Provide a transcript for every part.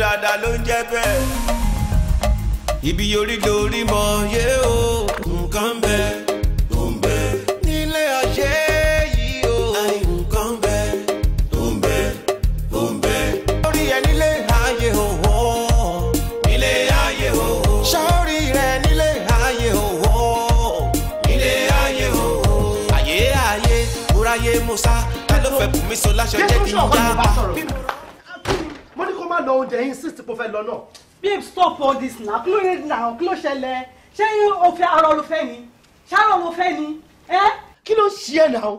dáadáa ló ń jẹ́ bẹ́ẹ̀. ibi orí lórí mọ yé o nǹkan bẹ tó ń bẹ. nílé ọṣẹ yìí o. àì nǹkan bẹ tó ń bẹ tó ń bẹ. sórí ẹ nílé ayé òwò. nílé ayé òwò. sórí rẹ nílé ayé òwò. nílé ayé òwò. ayé ayé múráyé musa ta ló fẹ́ bùnmi sọ láṣọ jẹ́ kí n já lọ oúnjẹ insist kó fẹ́ lọ náà. babe stop all this na Close ló dé na kí ló ṣẹlẹ̀ ṣé o fẹ́ arọ ló fẹ́ ni ṣé arọ ló fẹ́ ni ẹ. Eh? kí ló ń ṣe ẹ náà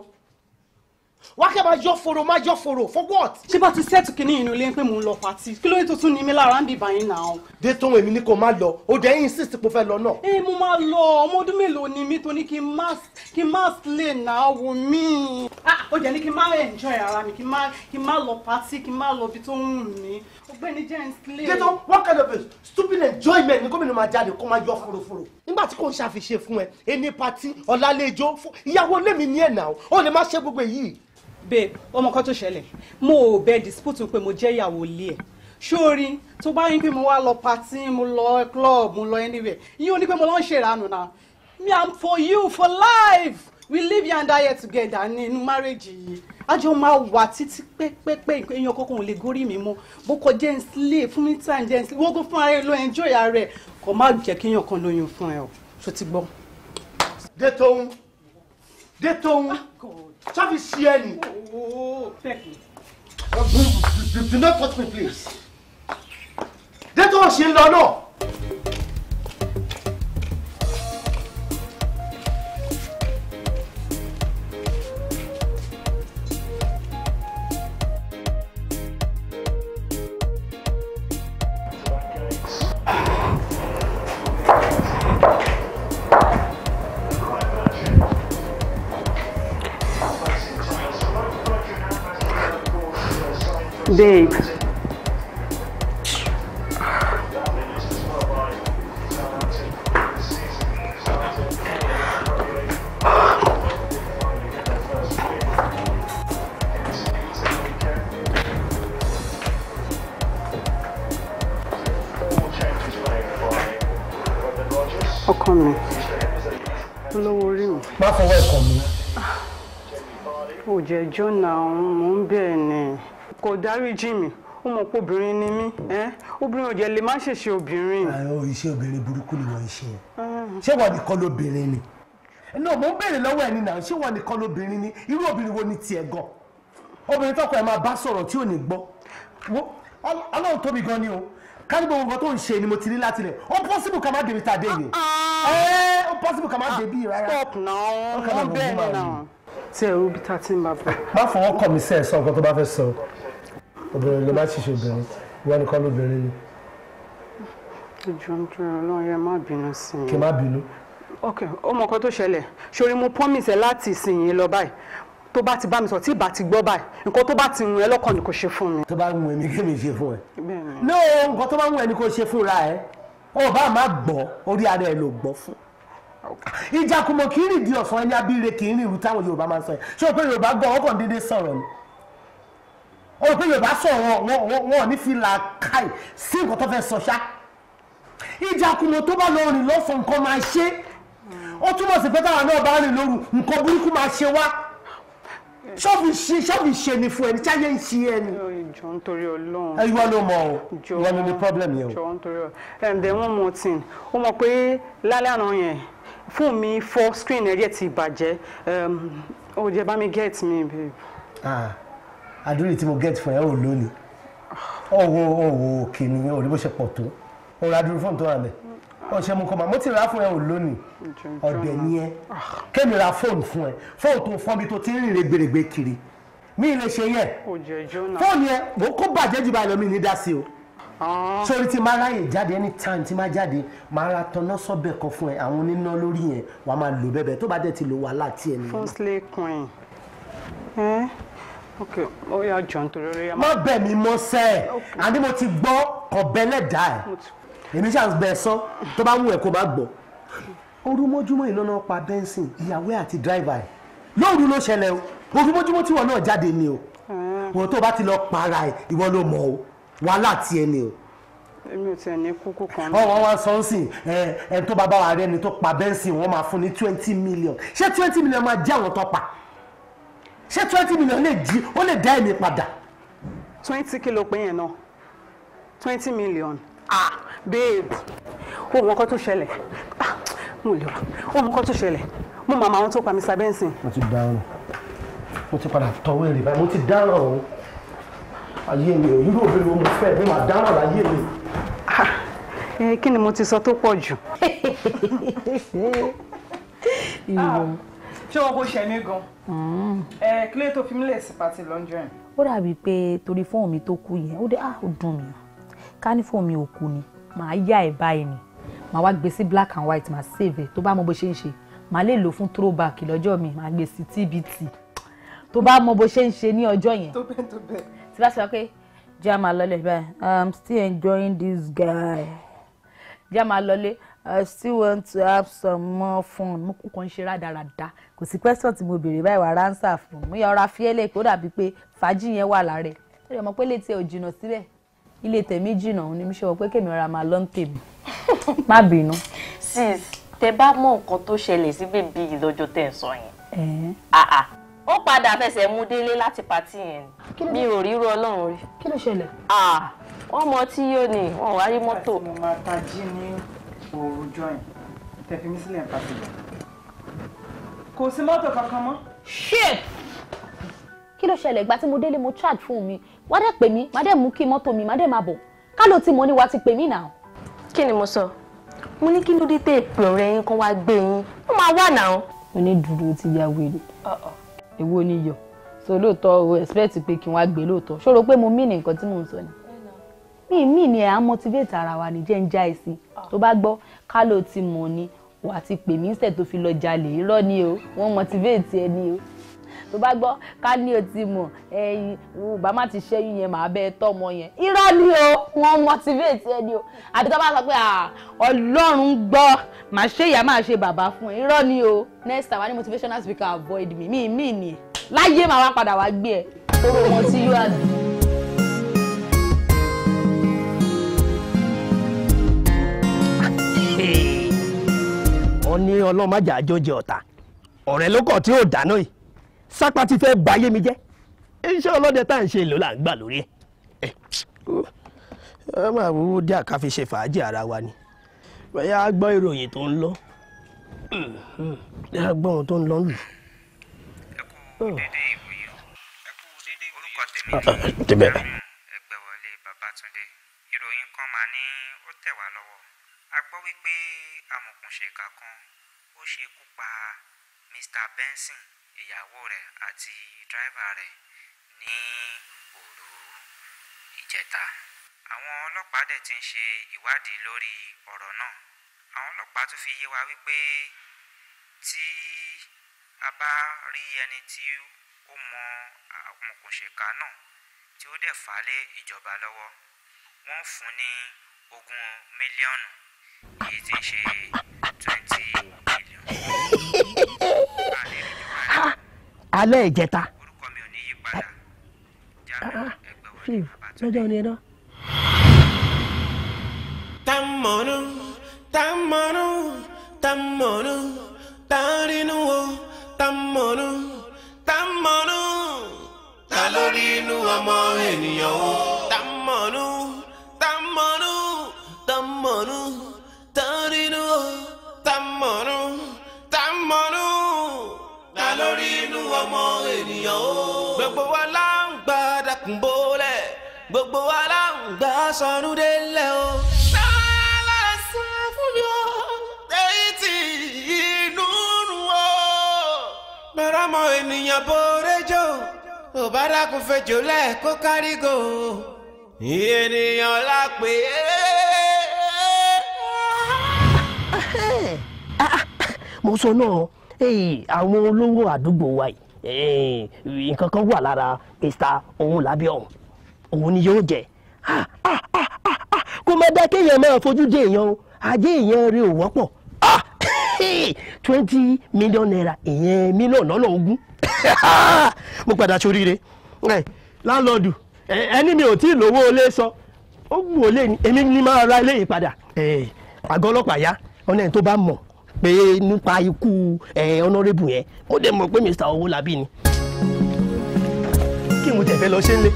wá kẹ́ máa yọ fòrò máa yọ fòrò for what. ṣé bá ti sẹ́ẹ̀tù kìíní inú ilé ń pè mò ń lọ pàtì kí ló yẹ tó tún ní mi lára ń bì báyìí náà. dé tóun èmi ní kò má lọ ó dẹ̀ insist pé fẹ́ lọ náà. ẹ mo máa lọ ọmọ ọdún mélòó ni mi tó ní kí n má kí n má lè náà wò mí. ó ah, jẹ́ ní kí n má enjoy ara mi kí n má kí n má lọ pàtì kí n má lọ ibi tó ń wù mí. ọgbẹ́ni jẹ́ ń sílé. dé tó what kind of stupid enjoyment ni gómìnà máa jáde kó máa yọ fòròfòrò nígbà tí kò ń ṣàfiṣe fún ẹ ẹni pati ọ̀làlejò ìyàwó lèmi ní ẹ̀ náà ó lè má ṣe gbogbo èyí babe ọmọ kan tó ṣẹlẹ̀ mo ò bẹ dispute pé mo jẹ́ ìyàwó ilé ẹ̀ sórí tó bá yín pé mo wá lọ party mo lọ club mo lọ anywhere yín ò ní pé mo lọ ń ṣèrànù náà me am for you for life we live here and together ní inú marriage yìí àjọ máa wà títí pẹ́pẹ́pẹ́ èèyàn kọ́kọ́ òun lè gorí mi mọ́ bó kọ jẹ́ fún mi time jẹ́ ńsílẹ̀ wọ́n fún ara ẹ lọ enjoy ara ẹ kò má jẹ́ kí èèyàn kan lóyún fún ẹ o ṣó ti gbọ́. dé tóun dé tóun. Ah, Ṣáfi ṣí ẹ ni. Do not touch me please. Dẹ́tọ̀ ṣe ń lọ no? Babe. Welcome. Lord. Mas welcome. O dia não. dáríjì mi ó mọ̀ pé obìnrin ni mí obìnrin ò jẹ́ lè má ṣèṣe obìnrin. iṣẹ́ obìnrin burúkú ni wọ́n ń ṣe ṣé wọ́n nìkan lóbìnrin ni náà mo ń béèrè lọ́wọ́ ẹ̀ ní náà ṣé wọ́n nìkan lóbìnrin ni irú obìnrin wo ni tiẹ̀ gan obìnrin tọkọ ẹ̀ máa bá sọ̀rọ̀ tí ò ní gbọ́ ọlọ́run tóbi gan ni o kárí gbogbo nǹkan tó ń ṣe ni mo ti rí láti rẹ̀ ó pọ́sibù ká má débi tá a dé yìí uh-uh. ẹ ó pọ́sibù ká má débi rárá. stop náà wọ́n bẹ́ẹ̀ ni náà. tí ẹ̀rú bí tá a ti ń bá má fọwọ́ kọ̀ mí sẹ́ẹ̀ sọ nǹkan tó bá fẹ́ sọ obìnrin ló má ti ṣe obìnrin wọn ni kọ́ lóbìnrin ni. ìjọ ń dúró ọlọ́run yẹn má bínú sí i. kí n má bínú. ok ó mọ nǹkan tó ṣẹlẹ̀ sórí mo promise ẹ láti ìsinyìí lọ báyìí tó bá ti bá mi sọ tí ìbá ti gbọ́ báyìí nǹkan tó bá ti rún ẹ ni kò ṣe fún mi. tó bá ń wẹ̀ mí kí mi ṣe fún ẹ. no nǹkan tó bá ń wẹ̀ ni kò ṣe fúnra ẹ ó bá má gbọ́ orí ara ẹ ló gbọ́ fún. ìjàkùmọ̀ kì í rìn di ọ̀sán ẹni abíire kì í rìn irú táwọn Yorùbá máa ń sọ yẹn ṣé o pé Yorùbá gbọ́ ọkàn déédéé sọ̀rọ̀ ni ó pé yorùbá sọ̀rọ̀ wọn ò ní fi làákàì sí nǹkan tó fẹ́ sọ ṣá ìjàkùmọ̀ tó bá lọ rìn lọ́sàn nǹkan máa ṣe ó túmọ̀ sí pé táwọn náà bá rìn lóru nǹkan burúkú máa ṣe wá ṣọ́ọ̀bù ṣe ni fún ẹni táyé ń ṣe ẹni. jọ ń torí Ọlọ́run. ẹ ìwọ ló mọ o ìwọ ló ní problem yẹn o. jọ ń torí Ọlọ́run and then one more thing ó mọ̀ pé lálẹ́ àná yẹn fún mi fọ́ screen ẹ̀rí ẹ̀ ti bàjẹ́ um, ó jẹ́ bá mi get me babe. Ah àdúrà tí mo get fún ẹ ò lónìí ọwọ́ ọwọ́ òkè mi ò rí bó ṣe pọ̀ tó ọ̀rọ̀ àdúrà fóònù tó wà bẹ̀ ọ̀ṣẹ́ mu kọ́ mà mo ti rà fún ẹ ò lónìí ọ̀dẹ̀ ni ẹ kémi ra fóònù fún ẹ fóònù tó fọ́n mi tó ti ń rìn rẹ̀gbẹ̀rẹ̀gbẹ̀ kiri mi lè ṣe yẹ fóònù yẹn mo kó bàjẹ́ jù báyìí lọ mi ní dá sí o ah. sórí tí máa ráyè jáde anytime tí máa jáde máa ra tọ́nà sọ́bẹ̀ kan fún ẹ àwọn oníná lórí yẹn wàá máa lò bẹ́ẹ̀ bẹ́ẹ̀ tó bá dẹ̀ ti lò wàhálà tiẹ̀ nìyẹn. firstly queen. Eh? ok ó yà jọ nítorí ó yà má. má bẹ̀ mí mọ́ sẹ́ ẹ̀ àní mo ti gbọ́ ọ̀bẹ lẹ́dàá ẹ̀ èmi ṣáà bẹ̀ sọ tó bá wù ẹ̀ kó bá gbọ́. orúmọ́júmọ́ iná pa benson ìyàwó àti dráìvà ẹ̀ lóòru ló ṣẹlẹ̀ o orúmọ́júmọ́ tíwọ náà jáde ni o eh. wọn tó bá ti lọ para ẹ̀ ìwọ ló mọ̀ o wàhálà tiẹ̀ ni o èmi ò tiẹ̀ ní kúkú kan. ọwọ́ wa sọ ń sìn ẹ ẹ tó bá bá wa rẹ ni tó pa bẹ́ńsì wọn máa fún ní twenty million ṣé twenty million máa jẹ́ àwọn tó pa ṣé twenty million lè jí ó lè dá èmi padà. twenty kilo pé yẹn náà twenty million ah babe ohun ọkọ tó ṣẹlẹ̀ ah mo lè ohun ọkọ tó ṣẹlẹ̀ mo mọ àwọn tó pa mr benson. mo ti dáhùn mo ti padà tọwọ́ èrè báyìí mo ti dáhùn ọ̀hún ayé mi ò yúrò òbí wo mo fẹ́ mi máa dáhùn láyé mi. Ah, eh, kí ni mo ti sọ tó pọ̀ jù. ìwọ ṣé wọn kò ṣẹ mí gan. Hmm. ẹ kílẹ̀ tó fi mí lè sí pàtì lọ́njọ́ yẹn. ó dàbí pé torí fóònù mi tó kú yẹn ó dé ah ó dùn mí ká ní fóònù mi ò kú ni màá yá ẹ̀ báyìí ni màá wá gbé sí black and white màá save ẹ̀ tó bá mọ bó ṣe ń ṣe màá lè lò fún throwback lọ́jọ́ mi màá gbé sí tbt tó bá mọ bó ṣe ń ṣe ní ọjọ́ yẹn. tó bẹ́ẹ̀ tó bẹ́ẹ̀. tí bá sọ pé jẹ́ àmà lọlé báyìí i'm um, still enjoying this guy jẹ́ àmà lọlé. I still want to have some more fun. Mo kú kan ṣe rádaràda. Kò sí question tí mo béèrè báyìí wà ránṣà fún. Mo yọra fiẹ́lẹ̀ kó dàbí pé fàájì yẹn wà lára ẹ̀. Ó lè mọ pé létí ò jìnnà síbẹ̀. Ilé tẹ̀mí jìnnà ni mo ṣe wọ pé kèmi ọ̀rá máa lọ́n tèmi. Má bínú. Sis, tẹ bá mọ nǹkan tó ṣẹlẹ̀ sí bèbí ìlọ́jọ́ tẹ̀ ń sọ yẹn. Ó padà fẹsẹ̀ mú délé láti patí yẹn. Mi ò ríru Ọlọ́run rí. Kí ló ṣẹlẹ̀? Wọ́n mọ o join tẹ̀fí mi sílẹ̀ nípa sílẹ̀ kò sí mọ́tò kankan shit Kilo ló ṣẹlẹ̀ ìgbà tí mo délé mo charge fún mi wá dẹ̀ pè mí má dẹ̀ mú kí mọ́tò mi má dẹ̀ máa bọ̀ ká ló ti mọ ní wa ti pè mí náà. kí mo so? mo ni kini ló dé tẹ èpè ọ̀rẹ́ yín kan wá gbé yín ó máa wà mo ni dúró ti ya wèrè èwo ni yọ so lóòótọ́ to expect pé kí n wá gbé lóòótọ́ ṣòro pé mo mí ní nǹkan tí mò ni mi mi ni ẹ̀ á motivate ara wa ní jẹ́ ń já èsì ah. tó bá gbọ́ ká ló ti mọ̀ ni wà á ti pè mí sẹ̀ tó fi lọ jalè irọ́ ni o wọ́n motivate ẹ ni o tó bá gbọ́ ká ní ti mọ̀ ẹyin bá má ti ṣẹ́yún yẹn màá bẹ́ẹ̀ tọ́mọ yẹn irọ́ ni o wọ́n motivate ẹ ni o àbí tó bá sọ pé ọlọ́run gbọ́ màá ṣe ìyá màá ṣe bàbá fún ẹ irọ́ ni o next time wà ní motivational speaker avoid me mi mi ni láyé màá wá padà wá gbé ẹ tó rò wọn sí yóò àdùn. ó ní ọlọ́mọjà àjọjẹ ọ̀tá ọ̀rẹ́ ló kọ̀ tí ó dáná yìí sápá ti fẹ́ ba ayé mi jẹ́ iṣẹ́ ọlọ́dẹ tá à ń ṣe ló là ń gbà lórí ẹ̀. ẹ máa wúwo dí àkáfi ṣe fàájì ara wa ni bẹ́ẹ̀ á gbọ́ ìròyìn tó ń lọ ẹ á gbọ́ ohun tó ń lọ lù. ẹ kú dédé ìwòye o ẹ kú dédé orúkọ tèmi. Mr. Benson ìyàwó rẹ̀ àti dírẹ́fà rẹ̀ ní òru ìjẹta àwọn ọlọ́pàá dẹ̀ ti ń ṣe ìwádìí lórí ọ̀rọ̀ náà àwọn ọlọ́pàá tún fi yé wa wípé tí a bá rí ẹni tí ó mọ àmọ̀kùnṣèkà náà tí ó dẹ̀ fà á lé ìjọba lọ́wọ́ wọ́n fún ní ogún mílíọ̀nù èyí tí ń ṣe twenty million alẹ́ ìjẹta. orúkọ mi ò ní yí padà jáde ah, ah, ẹgbẹ́ wọlé bàbá tó dé. tamọ́nù tamọ́nù tamọ́nù tarinu wo tamọ́nù tamọ́nù ta lórí inú ọmọ ènìyàn o. gbogbo wa la ń gbà dàkún bólẹ̀ gbogbo wa la ń gbà sọnù délẹ̀ o. o mọ ènìyàn bóore jò ò bá dákun fẹjọ lẹ̀ kó kárí gò ènìyàn la pè é. mo sọ náà àwọn olówó àdúgbò wa yìí Eh, nǹkan kan wà lára Mr. Ohunlabi ọ̀hún òun ni yóò jẹ kó má dá kéèyàn máa fojú dé èèyàn o ajé èèyàn rí ò wọ́pọ̀ twenty million naira ìyẹn mílíọ̀nù lọ́nà ogún mo padà soríire eh, láńlọ́ọ̀dù eh, ẹni mi ò tí ì lówó olé sọ ó wù ó lé èmi ni máa ra eléyìí padà àgọ́ ọlọ́pàá yá ọ̀nà ẹ̀ tó bá mọ̀ pé nípa ikú ọ̀nọ́rẹ́bù yẹn ó dẹ̀ mọ̀ pé Mr. Owólabí ni kí mo tẹ̀fẹ́ lọ ṣe ń lé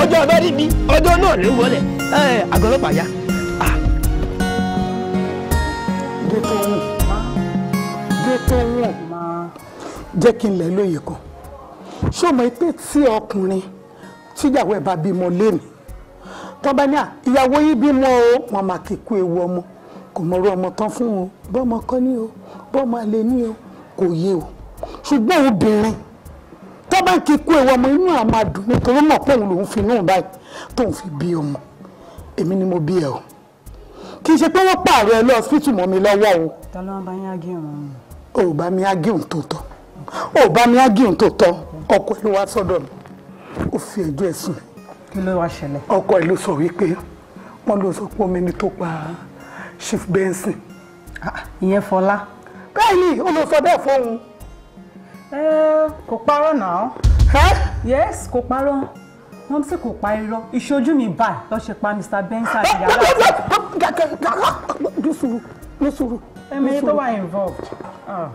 ọjọ́ abẹ́rẹ́ bí ọjọ́ náà ló wọlé àgọ́lọ́pàá yá. jẹ́ kí n lẹ̀ lóye kan ṣé o mọ̀ pé tí ọkùnrin tíyàwó ẹ̀ bá bímọ lémi tó bá ní ìyàwó yìí bímọ o wọn máa kí kú ewu ọmọ kò mọ̀rọ̀ ọmọ tán fún o bọ́mọ kọ́ ní o bọ́mọ àlè ní o kò yé o ṣùgbọ́n obìnrin tó bá ń kíkú ẹ̀wọ̀ ọmọ inú àmọ́ àdùn nítorí mọ̀ pé òun lòún fi inú báyìí tóun fi bí ọmọ èmi ni mo bí ẹ o kì í ṣe pé wọ́n pààrọ̀ ẹ lọ hospital mọ́ mi lọ́wọ́ o. ta ló ń bá yín agéhùn. o ò bá mi agéhùn tó tọ́ o ò bá mi agéhùn tó tọ́ ọkọ ẹ ló sọ́dọ̀ mi ó fi ẹjọ́ ẹ sùn. kí sọ wípé wọ́n ló sọ pé omi ni tó pa á chief benson ìyẹn fọlá bẹ́ẹ̀ ni ó lọ sọ bẹ́ẹ̀ fóun. kò parọ́ náà. yes kò parọ́ wọ́n sì kò pa irọ́ ìṣojú mi báyìí lọ́ ṣe pa mr benson ìyàrá. ní sùúrù ní sùúrù. ẹ̀mí tó wà involved. Oh.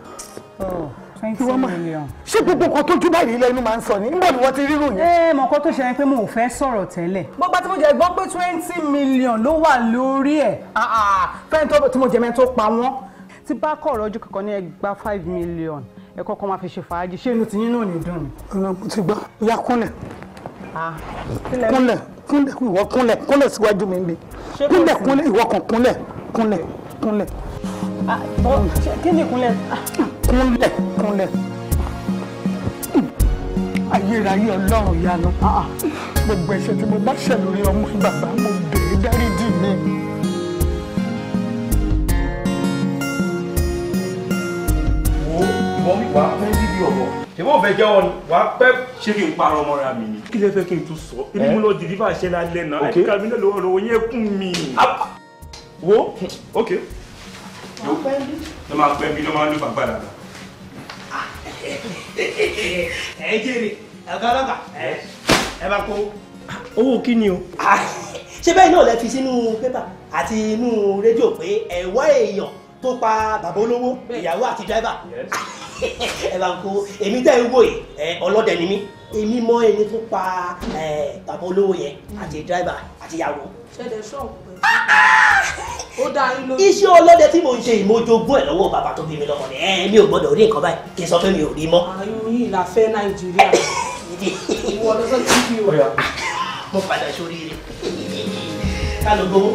Oh twenty million. ṣé gbogbo nǹkan tójú báyìí lẹ́nu máa ń sọ ni níbo ni wọ́n ti rírò yẹn. ẹ mọ nǹkan tó ṣẹlẹ̀ pé mo ò fẹ́ sọ̀rọ̀ tẹ́lẹ̀. mo gbà tí mo jẹ gbọ́ pé twenty million ló wà lórí ẹ̀ ah, ah, fẹ́ẹ́ tí mo jẹ mẹ́rin tó pa wọ́n. tí bá kọ̀ ọ̀rọ̀ ojú kankan ní ẹ gba five million ẹ kọ́kọ́ máa fi ṣe fàájì ṣé inú tiyín náà ní dùn ni. ọlọ́run ti gbọ́ ya ah, kúnlẹ̀ kúnlẹ̀ kúnlẹ̀ ìwọ kúnlẹ̀ kúnlẹ̀ síwájú mi nbí kúnlẹ̀ kúnlẹ̀ ìwọ kan kúnlẹ̀ kúnlẹ̀ kúnlẹ̀ kúnlẹ̀ ayérayé ọlọ́run yanu ah, ah. gbogbo ẹ̀ṣẹ̀ tí mo bá ṣẹ̀ lórí ọmọ bàbá mo bèé dáríjì mi. wo ìwọ wà á pẹ́ bíbí ọ̀rọ̀ ṣèwọ́ ò fẹ́ jẹ́wọ́ ni wà pẹ́ ṣé kí n parọ́ mọ́ra mi ni. kí lẹ fẹ́ kí n tún sọ ebi mo lọ dìrí bá alẹ́ náà ẹ̀ka mi náà lọ́wọ́ lọ́wọ́ yẹn kún mi. Ah. wo okay ló máa pẹ́ bí ló máa ń lò bàgbà dàgbà. Ah, ẹ jèrè ọ̀gá ọlọ́gà ẹ bá kó. owó kí ni o. Ah, ṣé bẹ́ẹ̀ náà lẹ fi sínú pépà àti inú rédíò pé ẹ̀wọ́ èèyàn tó pa bàbá olówó ìyàwó àti dráìvà ẹ bá kó èmi tẹ́ ń yìí ọlọ́dẹ ni mí èmi mọ ẹni tó pa bàbá olówó yẹn àti dráìvà àti ìyàwó iṣẹ́ ọlọ́dẹ tí mo ń ṣe ìmójogún ẹ̀ lọ́wọ́ bàbá tó bí mi lọ́mọ ni ẹ mi ò gbọ́dọ̀ rí nǹkan báyìí kí n sọ pé mi ò rí mọ́. ààyò yìí la fẹ́ nàìjíríà ìwọ lọ́sọ̀ tí kì í wọ̀. mo padà sórí rẹ̀ ká ló gbowó.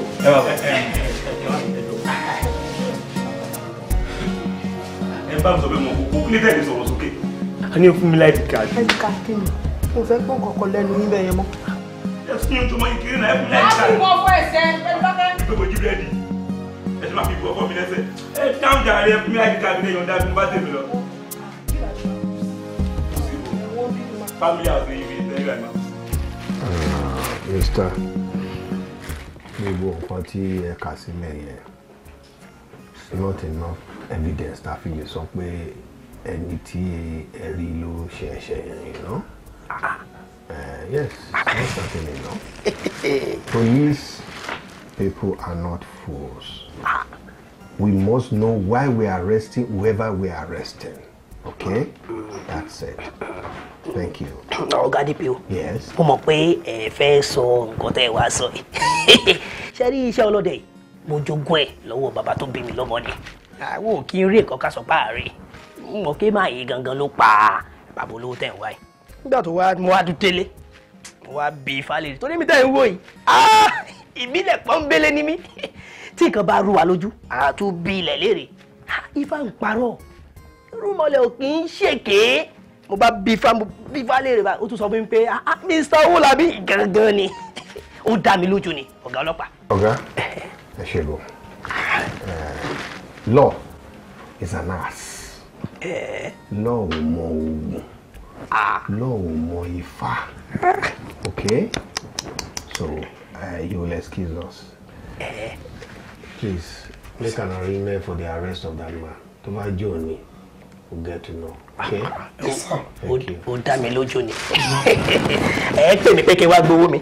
ẹ bá mi sọ pé mo kú kí lè tẹ̀lé sọ̀rọ̀ sókè. a ní o fún mi láì fi káàdì. láì fi káàdì mi mo fẹ́ gbọ́ nǹkan kan lẹ́nu níbẹ̀ yẹn mọ́ ẹ fún yín ojúmọ́ yín kiri náà ẹ fún yín ẹ̀ka. láti wọ ọkọ ẹsẹ pẹ̀lú bàbá. ẹ bójú búrẹ́dì ẹ ti máa fi bu ọkọ mi lẹ́sẹ̀ ẹ dáhùn jàre ẹ fún mi àyíká mi lẹ́yìn ọ̀dà mi bá tèmi lọ. family house yìí mi tẹ́lẹ̀ rẹ̀ náà. mr gbogbo nǹkan tí ẹ kà sí mẹ́yẹn not enough evidence ta fi lè sọ pé ẹni tí ẹ rí ló ṣẹ̀ṣẹ̀ yẹn náà. Ah, Uh, yes, ah. that's certainly no. Police people are not fools. Ah. We must know why we are arresting whoever we are arresting. Okay? That's it. Thank you. Ọ̀gá DPO. Yes. Mo mọ̀ pé ẹ fẹ́ sọ nǹkan tẹ́ ẹ wá sọ yìí. Ṣé rí iṣẹ́ ọlọ́dẹ yìí? Mo jogún ẹ̀ lọ́wọ́ bàbá tó bí mi lọ́mọ ni. Àwọn ò kí ń rí nǹkan ká sọ páàrí. Mo mọ̀ pé máa yí gangan ló pa bàbá olówó tẹ̀ ń wáyìí nígbà tó wá mo wá dún tẹ́lẹ̀ mo wá bí falẹ̀ torí mi tẹ́ ń wò yìí ah, ìbílẹ̀ pọ́nbélé ni mí tí nǹkan bá rú wa lójú àtún bí ilẹ̀ léèrè ah, ifá ń parọ́ rúmọlẹ̀ ò kì í ṣèké mo bá bí ifá mo bí ifá léèrè bá ó tún sọ fún mi pé ah, mr owólabí gangan ni ó dá mi lójú ni ọ̀gá ọlọ́pàá. ọ̀gá ẹ ṣe eh, lọ law is an ass eh. law ò mọ ogun lọ́hùn more ifá okay so uh, you will excuse us please make an arrangement for the arrest of that man tó bá jẹ́ we'll get to know. Okay. Yes, sir. Thank you. ó dá mi lójú ni ẹ pè mí pé kí n wá gbowó mi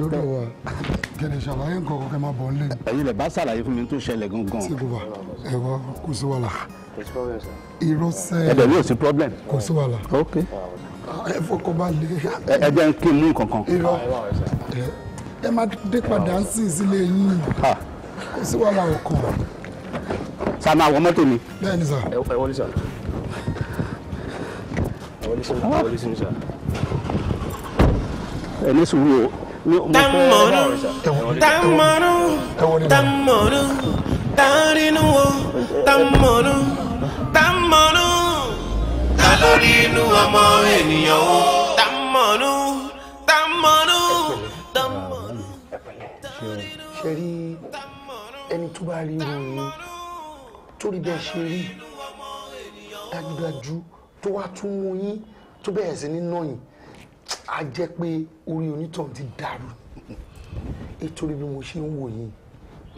dọ́dọ̀ wa kẹ̀lẹ́ ṣàlàyé nǹkan kọ́kẹ́ máa bọ̀ nílé. ẹ̀yin lè bá ṣàlàyé fún mi tó ṣẹlẹ̀ gangan. sèkúbà ẹ̀wọ́ kò sí wàhálà. irọ́ sẹ́ẹ̀. ẹ̀dẹ̀ yóò sí problem. kò sí wàhálà. ok. ẹ fọkàn balẹ̀. ẹ jẹ́ kí n mú kankan. irọ́ ẹ máa dé padà sí ìsílẹ̀ yín kò sí wàhálà ọkàn. sa máa wọ mọ́tò mi. bẹ́ẹ̀ ni sà. ẹ wọlé sà. ẹ wọlé sà. ẹ ní sùúrù o tamọ̀nù tamọ̀nù tamọ̀nù tarinuwo tamọ̀nù tamọ̀nù ta lórí inú ọmọ ènìyàn o tamọ̀nù tamọ̀nù tamọ̀nù ṣẹ̀rí ẹni tó bá rí ìròyìn tó rí bẹ́ẹ̀ ṣe rí dájúdájú tó wá tún mú yín tó bẹ̀rẹ̀ sí ní náà yìí a jẹ́ pé orí onítọ̀hún ti dàrú nítorí bí mo ṣe ń wò yìí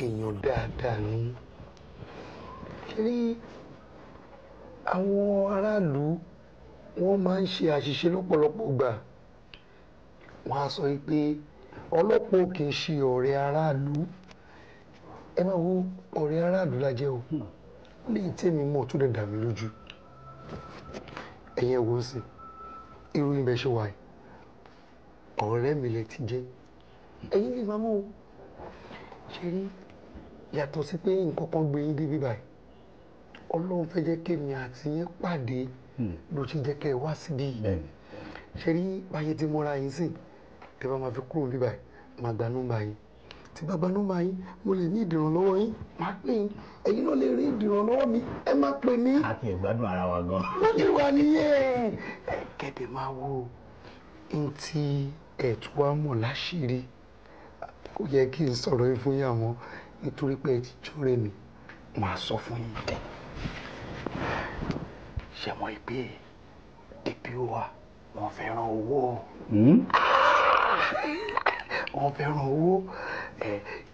èèyàn dáadáa ni rí àwọn aráàlú wọ́n máa ń ṣe àṣìṣe lọ́pọ̀lọpọ̀ gbà wọ́n á sọ pé ọlọ́pàá kì í ṣe ọ̀rẹ́ aráàlú ẹ máa wo ọ̀rẹ́ aráàlú lájẹ́ o lè tẹ̀mí mọ̀ tó lè dà mí lójú ẹ̀yin ẹ̀ wò ó sì irú ibẹ̀ ṣe wáyé ọ̀rẹ́ mi lè ti jẹ́ ẹ̀yin lè máa mú o ṣe rí yàtọ̀ sí pé nǹkan kan gbé yín débi báyìí ọlọ́run fẹ́ jẹ́ kémi àti yín pàdé hmm. ló ti jẹ́ kẹ́ ẹ wá síbí yìí ṣe rí báyìí tí mo ra yín sìn tẹ bá máa fi kúrò níbí báyìí máa gba nọ́mbà yín tí bá gba nọ́mbà yín mo lè ní ìdìrànlọ́wọ́ yín máa pè yín ẹ̀yin náà lè rí ìdìrànlọ́wọ́ mi ẹ máa pè mí. a kì í gbádùn ara wa gan. lójú wa nìyẹn kẹ́dẹ̀ máa wo ntí ẹ̀ tún wá mọ̀ láṣìírí kò yẹ kí n sọ̀rọ̀ yín fún yín àmọ́ nítorí pé ẹ ti jọ́rẹ̀ mi màá sọ fún yín dé ṣe mọ̀ pé dèbí wa wọ́n fẹ́ràn owó hmm? wọ́n fẹ́ràn owó ẹ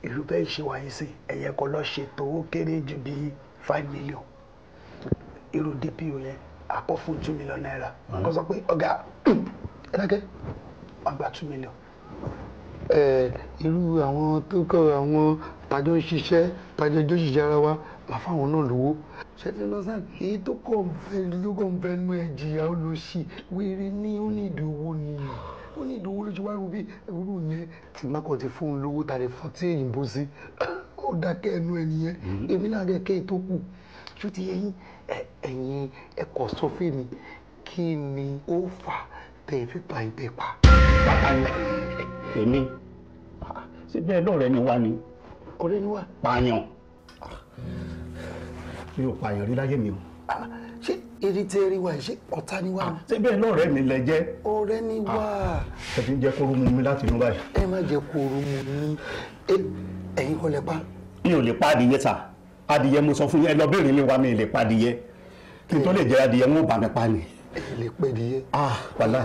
irúfẹ́ ìṣèwà yín sí ẹ̀yẹ kan lọ́ọ́ ṣètò owó kéré ju bíi five million irú dèbí yẹn àpọ̀ fún two million naira wọ́n sọ pé ọ̀gá ẹ wọ́n gba two million. irú àwọn tó kọ́ àwọn tàjọ ń ṣiṣẹ́ tàjọ ìjọ ṣiṣẹ́ ara wa màá fáwọn náà lówó. ṣètò lọ́sàn èyí tó kọ̀ ń fẹ́ ló kọ̀ ń fẹ́ nu ẹ̀jìyà olóṣì wíri ní ó ní ìdòwò nìyí ó ní ìdòwò ló ṣe wá rú bí ewúrò yẹn tí má kàn ti fún un lówó tàbí fún tí èyìnbó sí ó dákẹ́ ẹnu ẹnìyẹn mm-hmm. èmi náà kẹ́kẹ́ tó kù ṣó ti yẹ yín ẹ̀kọ́ sọ fún mi kí ni ó fà á tẹ̀ fi bá yín tẹ̀ pa. èmi ṣe bẹ́ẹ̀ lọ́rẹ́ ni wá ni. ọ̀rẹ́ ni wá. pààyàn mi ò pààyàn rí láyé mi o. ṣé eré tí eré wa ṣe ọ̀tá ni wá. ṣé bẹ́ẹ̀ lọ́rẹ́ mi lẹ jẹ́. ọ̀rẹ́ ni wá. ẹ ti ń jẹ́ kóró mu mi láti inú báyìí. ẹ má jẹ́ kóró mu mi ẹ̀yin kò lè pa. mi ò lè pa adìyẹ sà adìyẹ mo sọ fún yín lọ bẹ́ẹ̀ rí mi wá mi lè pa adìyẹ kí n tó lè jẹ adìyẹ wọn ò bá mi pa ni ẹ lè pẹ́ di yé. Ah, wàhálà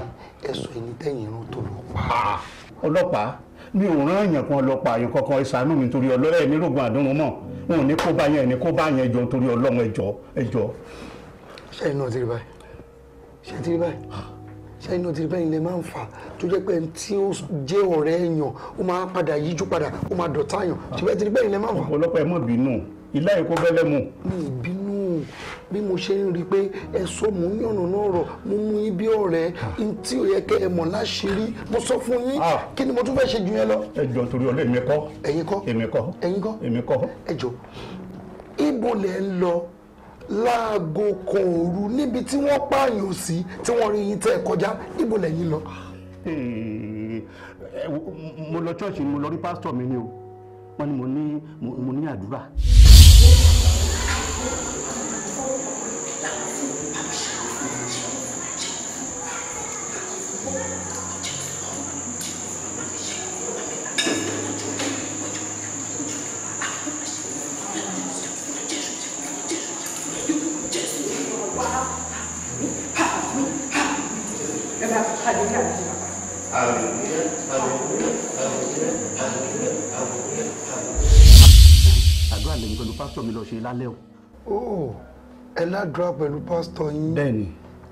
ẹ̀sùn ẹni tẹ̀yìn irun tó lọ pa. Ah, ọlọ́pàá mi ò rán èèyàn kan lọ pa àyàn kankan ìsànú mi torí ọlọ́rẹ́ mi rògbòn àdúrún mọ̀ wọn ò ní kó bá yẹn ní kó bá yẹn jọ torí ọlọ́run ẹjọ́ ẹjọ́. sẹ́yìn náà ti rí báyìí sẹ́yìn ti rí báyìí sẹ́yìn ah. náà ti rí báyìí ilẹ̀ máa ń fà tó jẹ́ pé tí ó jẹ́ ọ̀rẹ́ èèyàn ó máa padà yíjú padà ó máa dọ̀tá èèyàn ṣùgbọ́n ti rí báyìí ilẹ̀ máa ń lọ́hùn bí mo ṣe ń rí i pé ẹ sọ mò ń yànnà náà rọ̀ mo mú yín bí ọ̀rẹ́ ah. n tí ò yẹ kẹ́ ẹ mọ̀ láṣìírí mo sọ fún yín ah. kí ni mo tún fẹ́ ṣe jù yẹn lọ. ẹ jọ torí ọlọ èmi kọ́ ẹ̀yin kọ́ èmi kọ́ èmi kọ́. ẹ jọ ibo lẹ ń lọ láago kan òru níbi tí wọ́n pààyàn sí tí wọ́n rí yín tẹ́ kọjá ibo lẹ yín lọ. Eh, mo lọ ṣọ́ọ̀ṣì mo lọ rí pásítọ̀ mi ni o wọ́n ní mo ní àdúrà lálẹ́ o oh ẹ ládùúrà pẹ̀lú pásítọ̀ yín. bẹ́ẹ̀ni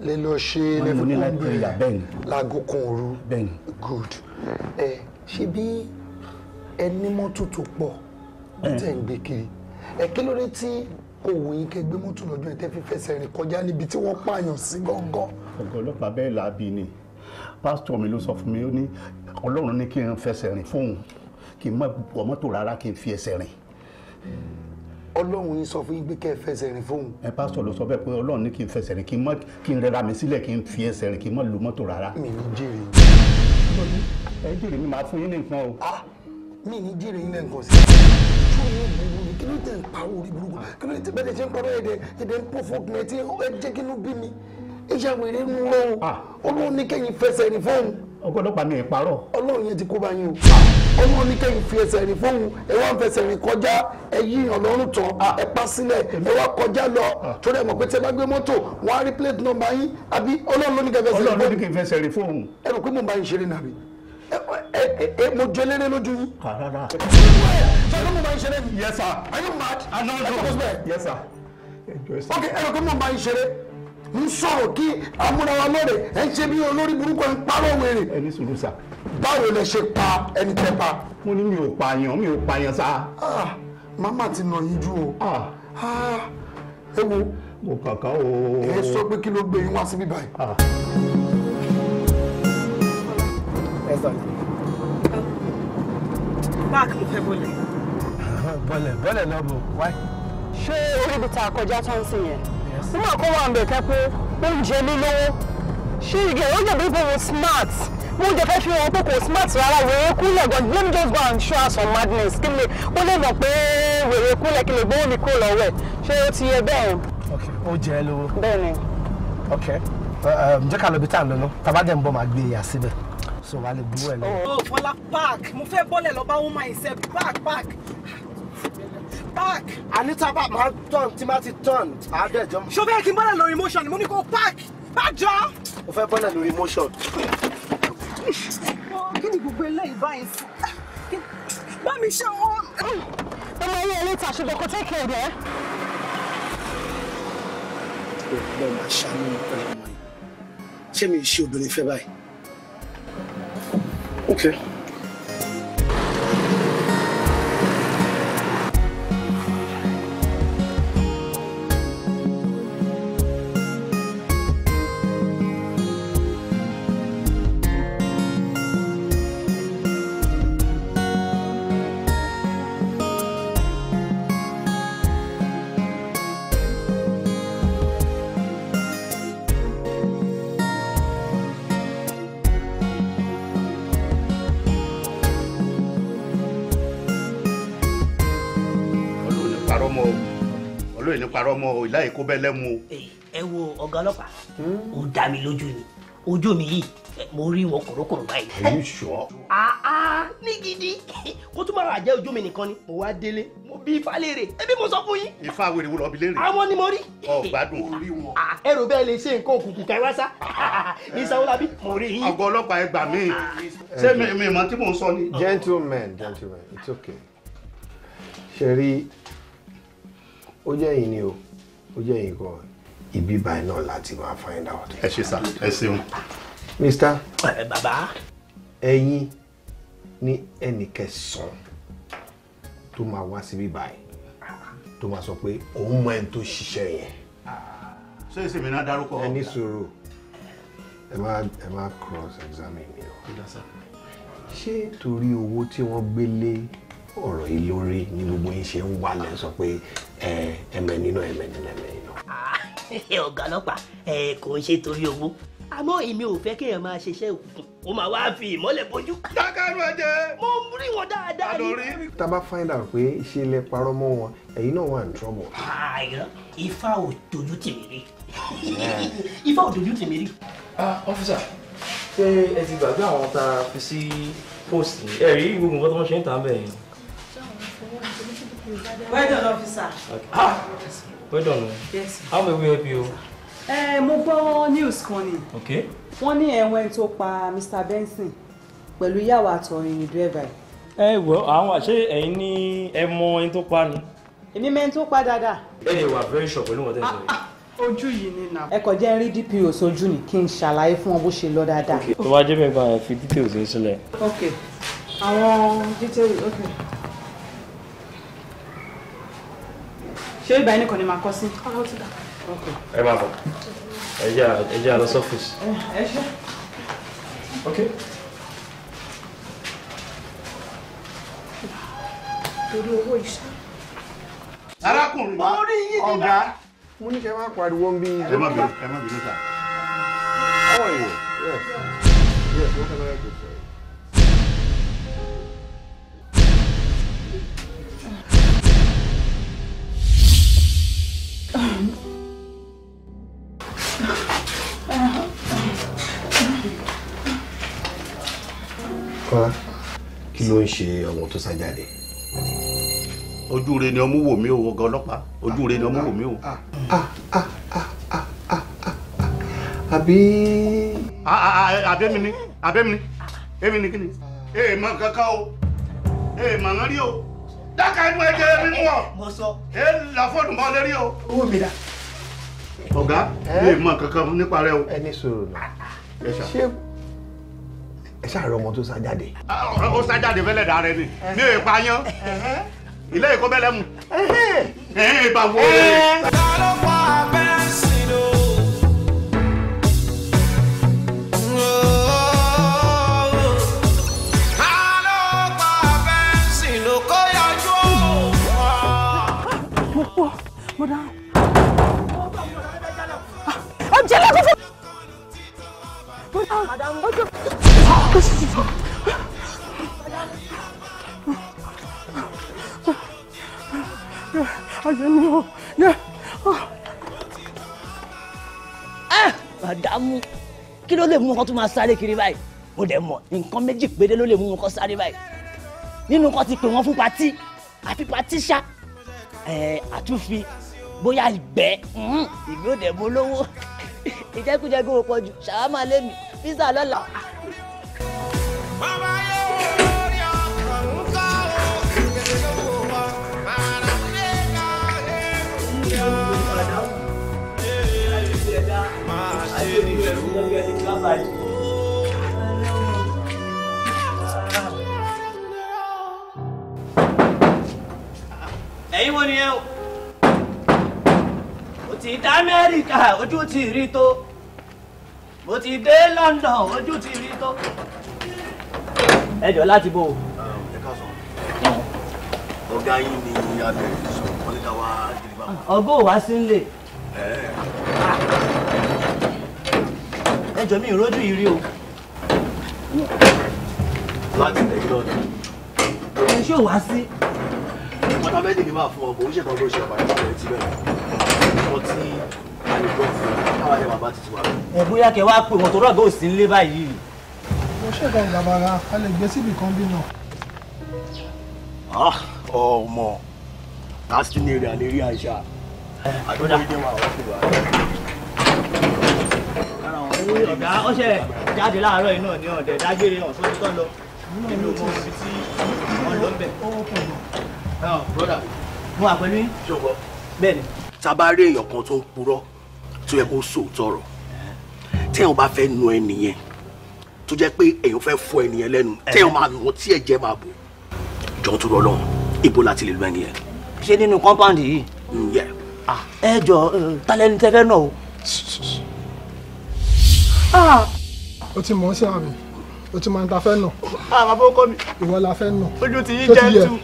lè lọ ṣe lẹ́fún prayer bẹ́ẹ̀ni òru bẹ́ẹ̀ni good ẹ ṣe bí ẹni mọ́tò tó pọ̀ tẹ̀ ń gbé kiri ẹ kí ló dé tí òwò yín kẹ gbé mọ́tò lọ́jọ́ ìtẹ́ fífẹsẹ̀ rìn kọjá níbi tí wọ́n pààyàn sí gángan. ọ̀gá ọlọ́pàá bẹ́ẹ̀ làábì ni pásítọ̀ mi ló sọ fún mi ó ní ọlọ́run ní kí n fẹsẹ̀ rìn fóun kí n má wọ rárá kí n fi ẹsẹ̀ rìn ọlọ́run yín sọ fún yín pé kẹ́ ẹ fẹsẹ̀ rìn fóun. ẹ pásítọ̀ ló sọ bẹ́ẹ̀ pé ọlọ́run ní kí n fẹsẹ̀ rìn kí n rẹra mi sílẹ̀ kí n fi ẹsẹ̀ rìn kí n mọ lu mọ́tò rárá. mi ní jèrè ẹ jèrè mi màá fún yín ní nǹkan o. a ah, mi ní jèrè yín lẹ́ǹkan sí. kí ló tẹ̀ ń parọ́ orí burúkú kí ló tẹ̀ bẹ́ẹ̀ ṣe ń parọ́ ẹ̀dẹ̀ ẹ̀dẹ̀ ń pọ̀ fọ́ọ̀kì ọgọlọpàá ni ẹ parọ́. Ọlọ́run yẹn ti kó bá yín o ọmọ ní kẹ́yìn fi ẹsẹ̀ rìn fóun ẹ wá ń fẹsẹ̀ rìn kọjá ẹ yí Ọlọ́run tán ah. ẹ pa sílẹ̀ ẹ wá kọjá lọ ah. torí ẹ mọ̀ pé tẹ bá gbé mọ́tò wọn á rí plate number yín àbí Ọlọ́run ló ní kẹ́ fẹsẹ̀ rìn fóun. Ọlọ́run ló ní kẹ́ fẹsẹ̀ rìn fóun. ẹ rò pé mo bá ń ṣeré nàbí mo jẹ léré lójú yín. Ah, ṣé ló mo bá ń ṣeré ni. yes sir. are you mad. i know you. ẹ kọ́ yes sir. ok ẹ rò pé mo bá ń ń sọ̀rọ̀ kí amúnáwá lóde ẹ̀ ń ṣe bí olórí burúkú ẹ̀ ń parọ́ wèrè. ẹ ní sùúrù sá. báwo lẹ ṣe pa ẹni tẹ pa. mo ní mi ò pààyàn mi ò pààyàn sá. Ah, màmá ti nà yín jù o. Ah. Ah, ẹ wo. mo kàkà o. ẹ sọ pé kí ló gbé yín wá síbí báyìí. ẹ sọ yìí. báàkì mo fẹ́ bọ́lẹ̀. bọ́lẹ̀ bọ́lẹ̀ lọ́bù wáyé. ṣé orí ibi tá a kọjá tó ń sìn yẹn nígbà kó wà ńbẹ̀ ká pé ó ń jẹ mí ṣé ìgbà ó yẹ bí gbogbo smart mo jẹ fẹ́ fi hàn pé kò smart rárá wèrè kúlẹ̀ gan let me just go and show her some madness kí ni ó lè mọ̀ pé wèrè kúlẹ̀ kí ni gbówó mi kúrò lọ́wọ́ ẹ̀ ṣé ó ti yẹ bẹ́ẹ̀. ok ó jẹ ẹ lówó. bẹ́ẹ̀ni. ok jẹ́ ká lọ bí tá à ń lọ ná tabadẹ́ ń bọ̀ máa gbé ìyá síbẹ̀ so wàá lè gbowó ẹ lọ. o oh. oh, Fọlá park mo fẹ́ bọ́lẹ̀ lọ bá woman ìṣẹ́ park park park. àní tábà máa turn tí máa ti turn àádẹ́jọ́. ṣó fẹ́ kí n bọ́lẹ̀ lórí motion mo ní kó park bájọ́. mo fẹ́ bọ́lẹ̀ lórí motion. kí ni gbogbo eléyìí báyìí sí? bá mi ṣe wọ́n. ọmọ ilé ilé ta ṣùgbọ́n kò tẹ́kẹ̀ rẹ̀. ọ̀pọ̀ máa ṣàníyàn pẹ̀lú ọmọ yìí ṣé mi ṣe obìnrin fẹ́ báyìí? okay. lè parọ́ mọ́ o ìláyè kó bẹ́ẹ̀ lẹ́mu o. ẹ wo ọ̀gá ọlọ́pàá ó dá mi lójú ni ojú mi yìí mo rí wọn kòrókòrò báyìí. èyí sọ. àá ní gidi kó tún máa jẹ́ ojú mi nìkan ni mo wá délé mo bí ifá léèrè ẹbí mo sọ fún yín. ifá wèrè wo lọ bí léèrè. àwọn ni mo rí. ọ gbádùn orí wọn. ẹrù bẹ́ẹ̀ lè ṣe nǹkan òkùnkùn kan wá sá ìsanwó-labí mo rí yín. ọgọ ọlọ́pàá ẹ gbà mí ah, ah, ah. ṣé mi mọ tí mò ń sọ ni. gentleman gentleman it's okay ṣe rí ó jẹ́ yìí ni o ó jẹ́ yìí gan ibi báyìí náà láti máa find out. ẹ ṣe sá ẹ ṣeun. mr. ẹ bàbá. ẹ̀yin ní ẹnì kẹsàn-án tó máa wá síbí báyìí tó máa sọ pé òun mọ ẹni tó ṣiṣẹ́ yẹn. ṣé ìsinmi náà dárúkọ. ẹ ní sùúrù ẹ má cross examine mi o. ṣé torí owó tí wọ́n gbé lé ọ̀rọ̀ yìí lórí ni gbogbo yín ṣe ń wálẹ̀ sọ pé ẹmẹ nínú ẹmẹ nínú ẹmẹ nínú. Ah, ọ̀gá ọlọ́pàá ẹ kò ń ṣe torí owó àmọ́ èmi ò fẹ́ kéèyàn máa ṣiṣẹ́ òkùnkùn ó máa wá fi ìmọ́lẹ̀ bójú. dákàrú ẹ jẹ. mo ń rí wọn dáadáa ni. tá a bá find out pé ṣe lè parọ́ mọ́ wọn ẹ̀yin náà wà ní trouble. àìrọ ah, ifá ò dojú tèmi rí ifá ò dojú tèmi rí. ọ́fíìsà ah, ṣé ẹ ti gbàgbé àwọn tá a fi sí post ẹ rí gbogbo nǹkan tó wọ́n ṣe ń tà á bẹ̀ yẹn. Well done, officer. Ah. Well done. Yes. How may we help you? Eh, mo gbọ́ news kan ni. Okay. Wọ́n ní ẹ̀wọ̀n tó pa Mr. Benson pẹ̀lú ìyàwó àtọ̀yìn dírẹ́fà yìí. Ẹ wọ àwọn àṣẹ ẹ̀yin ní ẹ mọ ẹni tó pa ni. Èmi mẹ́ni to pa dáadáa. Ẹ lè wà very sure pẹ̀lú wọn tẹ́ sọ yìí ah, ah, ojú yìí ni nà. ẹ kò jẹ́ rí dpo sójú ni kí n ṣàlàyé fún ọ bó ṣe lọ dáadáa. tó bá jẹ́ bẹ́ẹ̀ gan-an fi details yín sílẹ̀. ok àwọn details Okay. ṣé ibà yín nìkan ni màá kọ́ sí. ẹ máa bọ̀ ẹ jẹ́ àlọ́ sọ́fíìsì. ẹ ṣe. ok. torí owó iṣẹ́. arákùnrin ọ̀gá mo ní kí ẹ má pariwo ń bí. ẹ má bínú ẹ má bínú ta. ọ̀rọ̀ yìí. Kọ́lá, kí ló ń ṣe ọmọ tó sá Ojú rẹ ni ọmú wò mí o, ọ̀gá ọlọ́pàá. Ojú rẹ ni ọmú wò mí o. Àbí. Àbẹ́mi ni, àbẹ́mi ni, èmi ni kí ni? Èèmọ̀ kankan o, èèmọ̀ rán rí o dáka inú ẹjẹ mi mú ọ. mo sọ. ẹ là fóònù mọ lérí o. owó mi dà. ọ̀gá mi mọ kankan nípa rẹ o. ẹ ní sùúrù náà ṣé ẹ ṣáà rọ ọmọ tó sá jáde. ó sá jáde fẹ́lẹ̀ dà rẹ ni mi ò pa yán ilé ìkó bẹ́lẹ̀ mu. ìbàwọ̀ rẹ. ta ló pa abẹ́. kan tún máa sáré kiri báyìí ó dẹ̀ mọ̀ nǹkan méjì péré ló lè mú wọn kọ́ sáré báyìí nínú kan ti pè wọ́n fún patí àfi patí ṣá ẹ̀ àtúnfi bóyá ìgbẹ́ ìgbẹ́ ò dẹ̀ mọ́ lówó ìjẹkújẹ gbòòpọ̀ jù ṣàwámà lémi písà lọ́la like me. láti bò. ọgá yín ni abẹ́rẹ́ sọ wọ́n ní ká wá jìnnìbá. ọgọ́ wa sí ń lè ẹ jọ mi ìrójú yìí rí o. láti lè yí lọ́dún. ẹ ṣé ò wá sí. pátá méjì ni máa fún ọ kò ń ṣètò ọdún ìṣẹ̀lẹ̀ àti ìṣẹ̀lẹ̀ tibẹ̀ ọmọ tí a lè gbọ́ fún káwọn ẹ̀wà bá ti ti wà. ẹ bóyá kẹ wá pé wọn tó rọgbọ òsì ńlé báyìí. mo ṣètò ìgbàbàrà a lè gbé síbì kan bí náà. Ah, ọmọ casting area lè rí àìsà àdúgbò ìdẹ́wà ọ̀fìn wa ọ̀gá èèyàn kan tó purọ́ tó yẹ kó sòótọ́ ọ̀rọ̀ tí èèyàn bá fẹ́ nu ẹnìyẹn tó jẹ́ pé èèyàn fẹ́ fọ ẹnìyẹn lẹ́nu tí èèyàn máa nù tí ẹ̀jẹ̀ máa bò jọ̀ọ́ tó rọ́ lọ́hùn ibo láti lè lu ẹnìyẹn. ṣé nínú kọ́ńpáǹdì yìí. Mm, ah, ẹ jọ eh, talẹ́ni tẹ́fẹ́ náà o. Ah. o ti mọ̀ ọ́ sí àmì o ti máa ń ta fẹ́ nà. Ah, àmọ́ fún kọ́ mi. ìwọ la fẹ́ nà. ojú ti yín jẹ́ tu.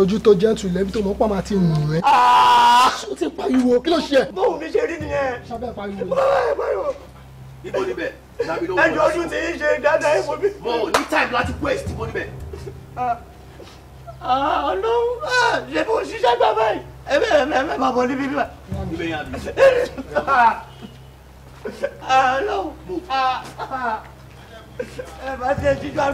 ojú tó jẹ́ tu lẹ́bi tó mọ̀ pàmò àti ìrìn rẹ. o ti pariwo kí ló ṣe ẹ. bóun mi ṣe rí nìyẹn. sábẹ́ pariwo. báyọ̀ báyọ̀. ibo níbẹ̀ tàbí ló wọ́n. ẹjọ́ ojú ti yín ṣe dáadáa ẹ̀ fún mi. mo ò ní time láti waste ibo níbẹ̀. ọ̀nà ṣe fún ṣiṣẹ́ gbà báyìí. ẹ bẹ́ẹ̀ mẹ́ẹ̀ máa bọ̀ níbi bí Alors, ah, ah, à ah ah, Tu Ah.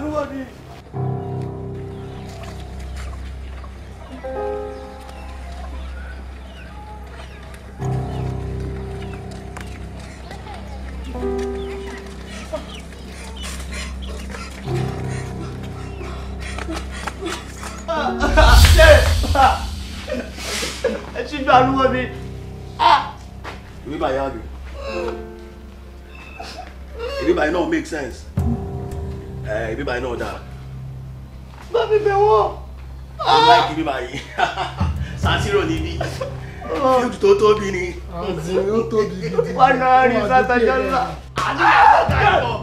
nous Ah. Ah! Oui, bah, ibi báyìí make sense ẹ ibi báyìí náà dáa. bá mi bẹ̀ wọ́. ó láìkí ibi báyìí sàtírò níbí fíìmù tó tóbi ni. àti ó tóbi gidi. wọn náà rí sátọjọ ńlá. àti ìyàwó ọ̀gá ẹ̀ bọ̀.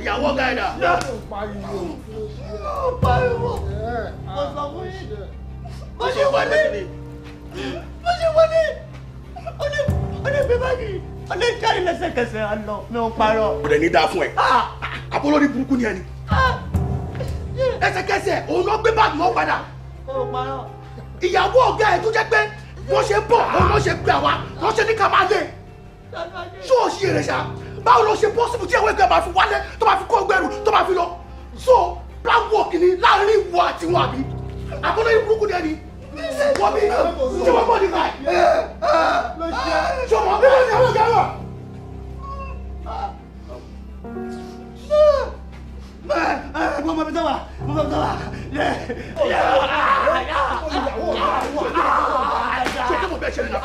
ìyàwó ọ̀gá ẹ̀ dà. ó pariwo mo sọ fún yín bó ṣe wọlé bó ṣe wọlé ó ní ó ní bẹ́ẹ̀ báyìí ọlẹ́ jáde lẹ́sẹ̀kẹsẹ̀ á lọ mi ò parọ́. ọ̀dẹ̀ ní dáa fún ẹ ah! àbólórí burúkú ni ẹ ni ah! ẹsẹ̀kẹsẹ̀ òun ló gbé báàgì wọn padà ìyàwó ọ̀gá ẹ̀ tó jẹ́ pé wọ́n ṣe bọ̀ òun ló ṣe gbé àwa wọ́n ṣe ní ká máa lé ṣó o ṣe rẹ̀ ṣá báwo ló ṣe pọ́sibú tí ìyàwó ẹgbẹ́ máa fi wálé tó máa fi kó ẹgbẹ́ tó máa fi lọ so black work ni láàrin ìwọ àti wọn àbí àbólórí burúkú ni ẹ ni ṣe wọ́n mi náà ṣe wọ́n bọ́ọ̀dì báyìí ṣe wọ́n bí wọ́n ní àwọn ọ̀gá wà. Mo mọ bí sábà, mo mọ bí sábà, yẹ yẹ ṣe kí mo bẹ ṣe nà.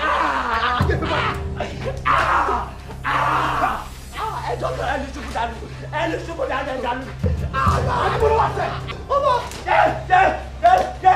Ẹ jọ sọ ẹni ṣubú dànù, ẹni ṣubú dànù ẹ̀ dànù. Àgbà àdìgbò ló wà sẹ̀. Ó bọ̀. Yẹ yẹ yẹ yẹ.